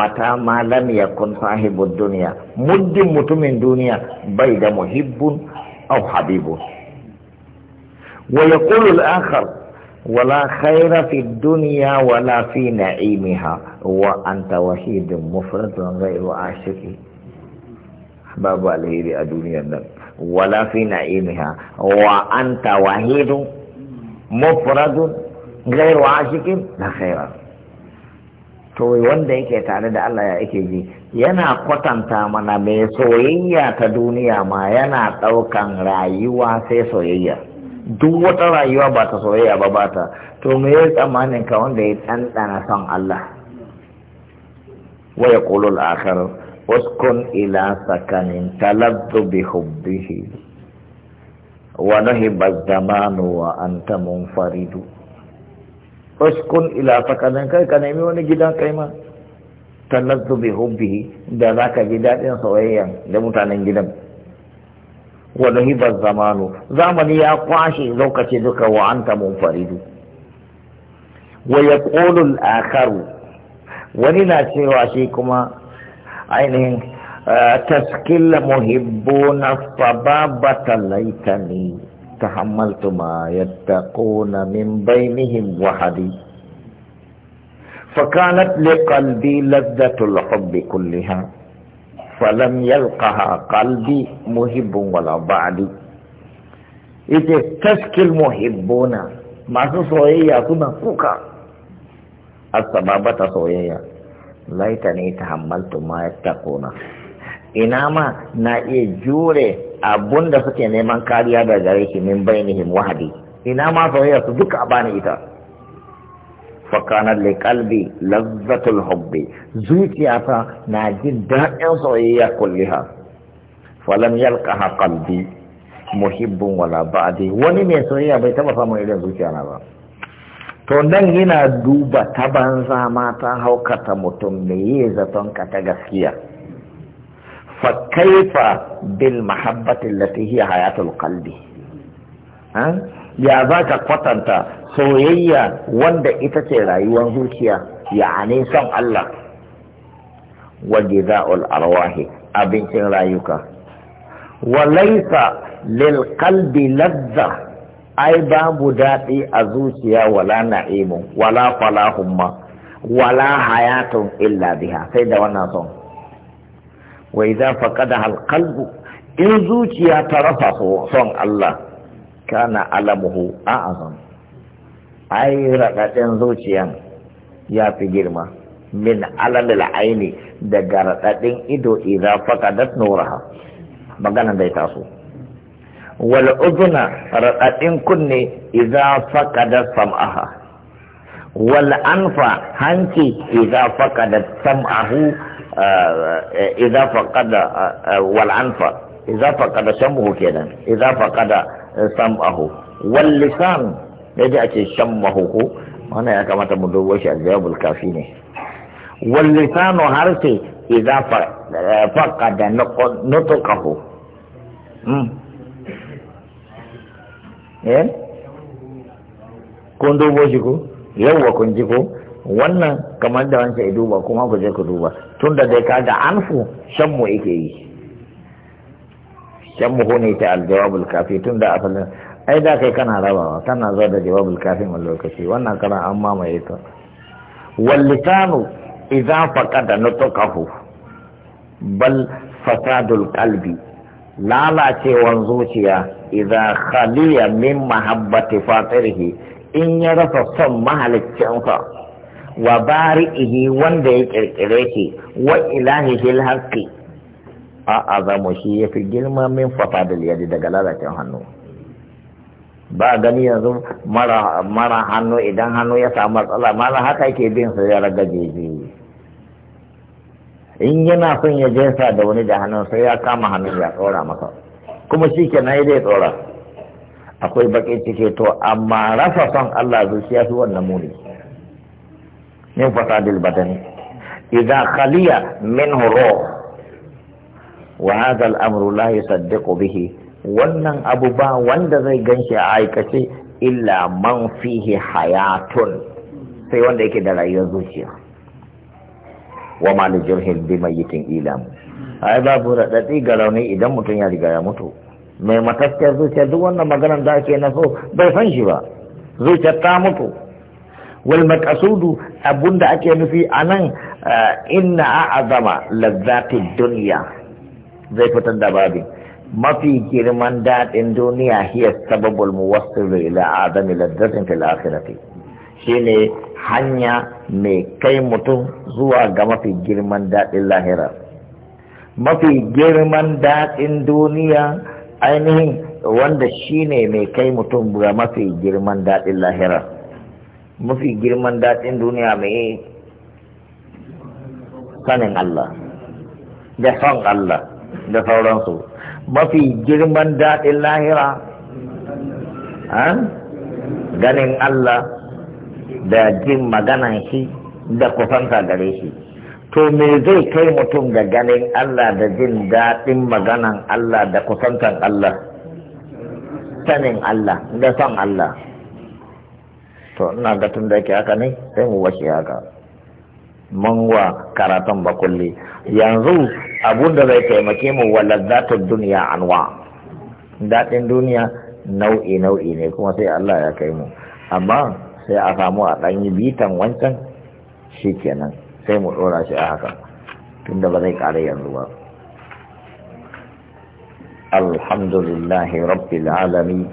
متى ما لم يكن صاحب الدنيا مد متمن دنيا بيد محب أو حبيب ويقول الآخر ولا خير في الدنيا ولا في نعيمها وأنت وحيد مفرد غير عاشق باب الهير الدنيا ولا في نعيمها وأنت وحيد mufradun gairu cikin, na khairan to wanda yake tare da Allah ya yake ji yana kwatanta mana mai soyayya ta duniya ma yana ɗaukan rayuwa sai soyayya duk wata rayuwa ba ta soyayya ba ba ta to me ya tsammanin ka wanda ya ɗanɗana son Allah wa ya ƙulul akhar uskun ila sakanin talabdu bi wa nahi bazamanu wa anta munfaridu uskun ila fakanan kai kana wani gidan kai ma tanazzu bi hubbi da zaka gida din soyayya da mutanen gidan wa nahi bazamanu zamani ya kwashe lokaci duka wa anta munfaridu wa yaqulu al wani na cewa shi kuma ainihin تشكيل محبون الصبابة ليتني تحملت ما يتقون من بينهم وحدي فكانت لقلبي لذة الحب كلها فلم يلقها قلبي محب ولا بعدي إذا تشكيل المحبون ما سوية كنا فوكا الصبابة سوية ليتني تحملت ما يتقون ina ma na iya jure abun da suke neman kariya da gare shi min bainihim wahadi ina ma soyayya su duka a bani ita fakanar li kalbi lazzatul hubbi zuciyata na jin daɗin soyayya kulliha falam ha qalbi muhibbun wala ba'di wani mai soyayya bai taba samun irin na ba to nan yana duba ta banza ta haukata mutum mai yi zaton ka ta gaskiya فكيف بالمحبة التي هي حياة القلب ها يا ذاك قطنت سويا وند إتتي وانهوشيا يعني سم الله وجذاء الأرواح أبنت رايك وليس للقلب لذة أي باب ذاتي أزوشيا ولا نعيم ولا فلاهما ولا حياة إلا بها سيدة ونصر wa idza faqadaha alqalbu in zuciya ta rasa son Allah kana alamuhu a'azam ai raɗaɗin zuciyan ya fi girma min alamil aini daga raɗaɗin ido idza faqadat nuraha maganan da ya taso wal udhuna raɗaɗin kunne idza faqadat sam'aha wal anfa hanci idza faqadat sam'ahu آه، إذا فقد آه، آه، والعنف إذا فقد شمه كده إذا فقد سمعه واللسان يجي أتي شمه هنا يا كما وش الجواب الكافي واللسان هرسي إذا فقد نطقه kun dubo shi ko yawwa wannan kamar da wancan ya duba kuma ku je ku duba tun da dai kaga anfu shanmu yake yi shanmu hune ta aljawabul kafi tun da asalin ai da kai kana rabawa kana zo da jawabul kafi wani lokaci wannan kana an mamaye ta wallitanu idan faqada nutqahu bal fasadul qalbi lalacewan zuciya idan khaliya min mahabbati fatirihi in ya rasa son mahaliccinsa wa bari'ihi wanda ya kirkire shi wa ilahihi haqqi a azamu shi ya fi girma min fasadil yadi daga lalacin hannu ba gani yanzu mara hannu idan hannu ya samu matsala mara haka yake bin su ya raga jeji in yana son ya jesa da wani da hannun sai ya kama hannun ya tsora maka. kuma shi kenan ya zai tsora akwai baƙin ciki to amma rasa son Allah zuciya su wannan muni min fasadil badani idza khaliya minhu ruh wa hadha al-amru la yusaddiqu bihi wannan abu ba wanda zai ganshi a aikace illa man fihi hayatun sai wanda yake da rayuwar zuciya wa ma li jirhin bi mayyitin ilam ai babu radadi ga rauni idan mutum ya riga ya mutu mai matakkiyar zuciya duk wannan maganar da ake na so bai san shi ba zuciyar ta mutu wal maqasudu abunda ake nufi anan eh, inna a'zama lazzati dunya zai fitar da babi mafi girman daɗin duniya hiya sababul muwassil ila azami lazzatin fil akhirati shine hanya mai kai mutum zuwa ga mafi girman daɗin lahira mafi girman daɗin duniya ainihin wanda shine mai kai mutum ga mafi girman daɗin lahira mafi girman daɗin duniya mai sanin Allah da son Allah da sauransu mafi girman daɗin lahira ganin Allah da jin maganan shi da kusanta gare shi to me zai kai mutum ga ganin Allah da jin daɗin maganan Allah da kusantan Allah sanin Allah da son Allah to ina ga tun da yake haka ne sai mu wace haka mun wa ba bakulli yanzu abun da zai taimake mu wa lazzatar duniya anwa daɗin duniya nau'i nau'i ne kuma sai Allah ya kai mu amma sai a samu a yi bitan wancan shi kenan sai mu ɗora shi a haka tunda ba zai ƙare yanzu ba alhamdulillahi rabbil alamin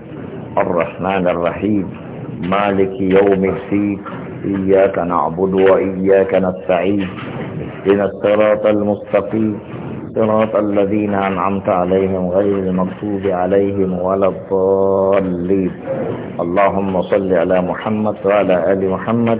الرحمن الرحيم مالك يوم الدين إياك نعبد وإياك نستعين إن الصراط المستقيم صراط الذين أنعمت عليهم غير المغضوب عليهم ولا الضالين اللهم صل على محمد وعلى آل محمد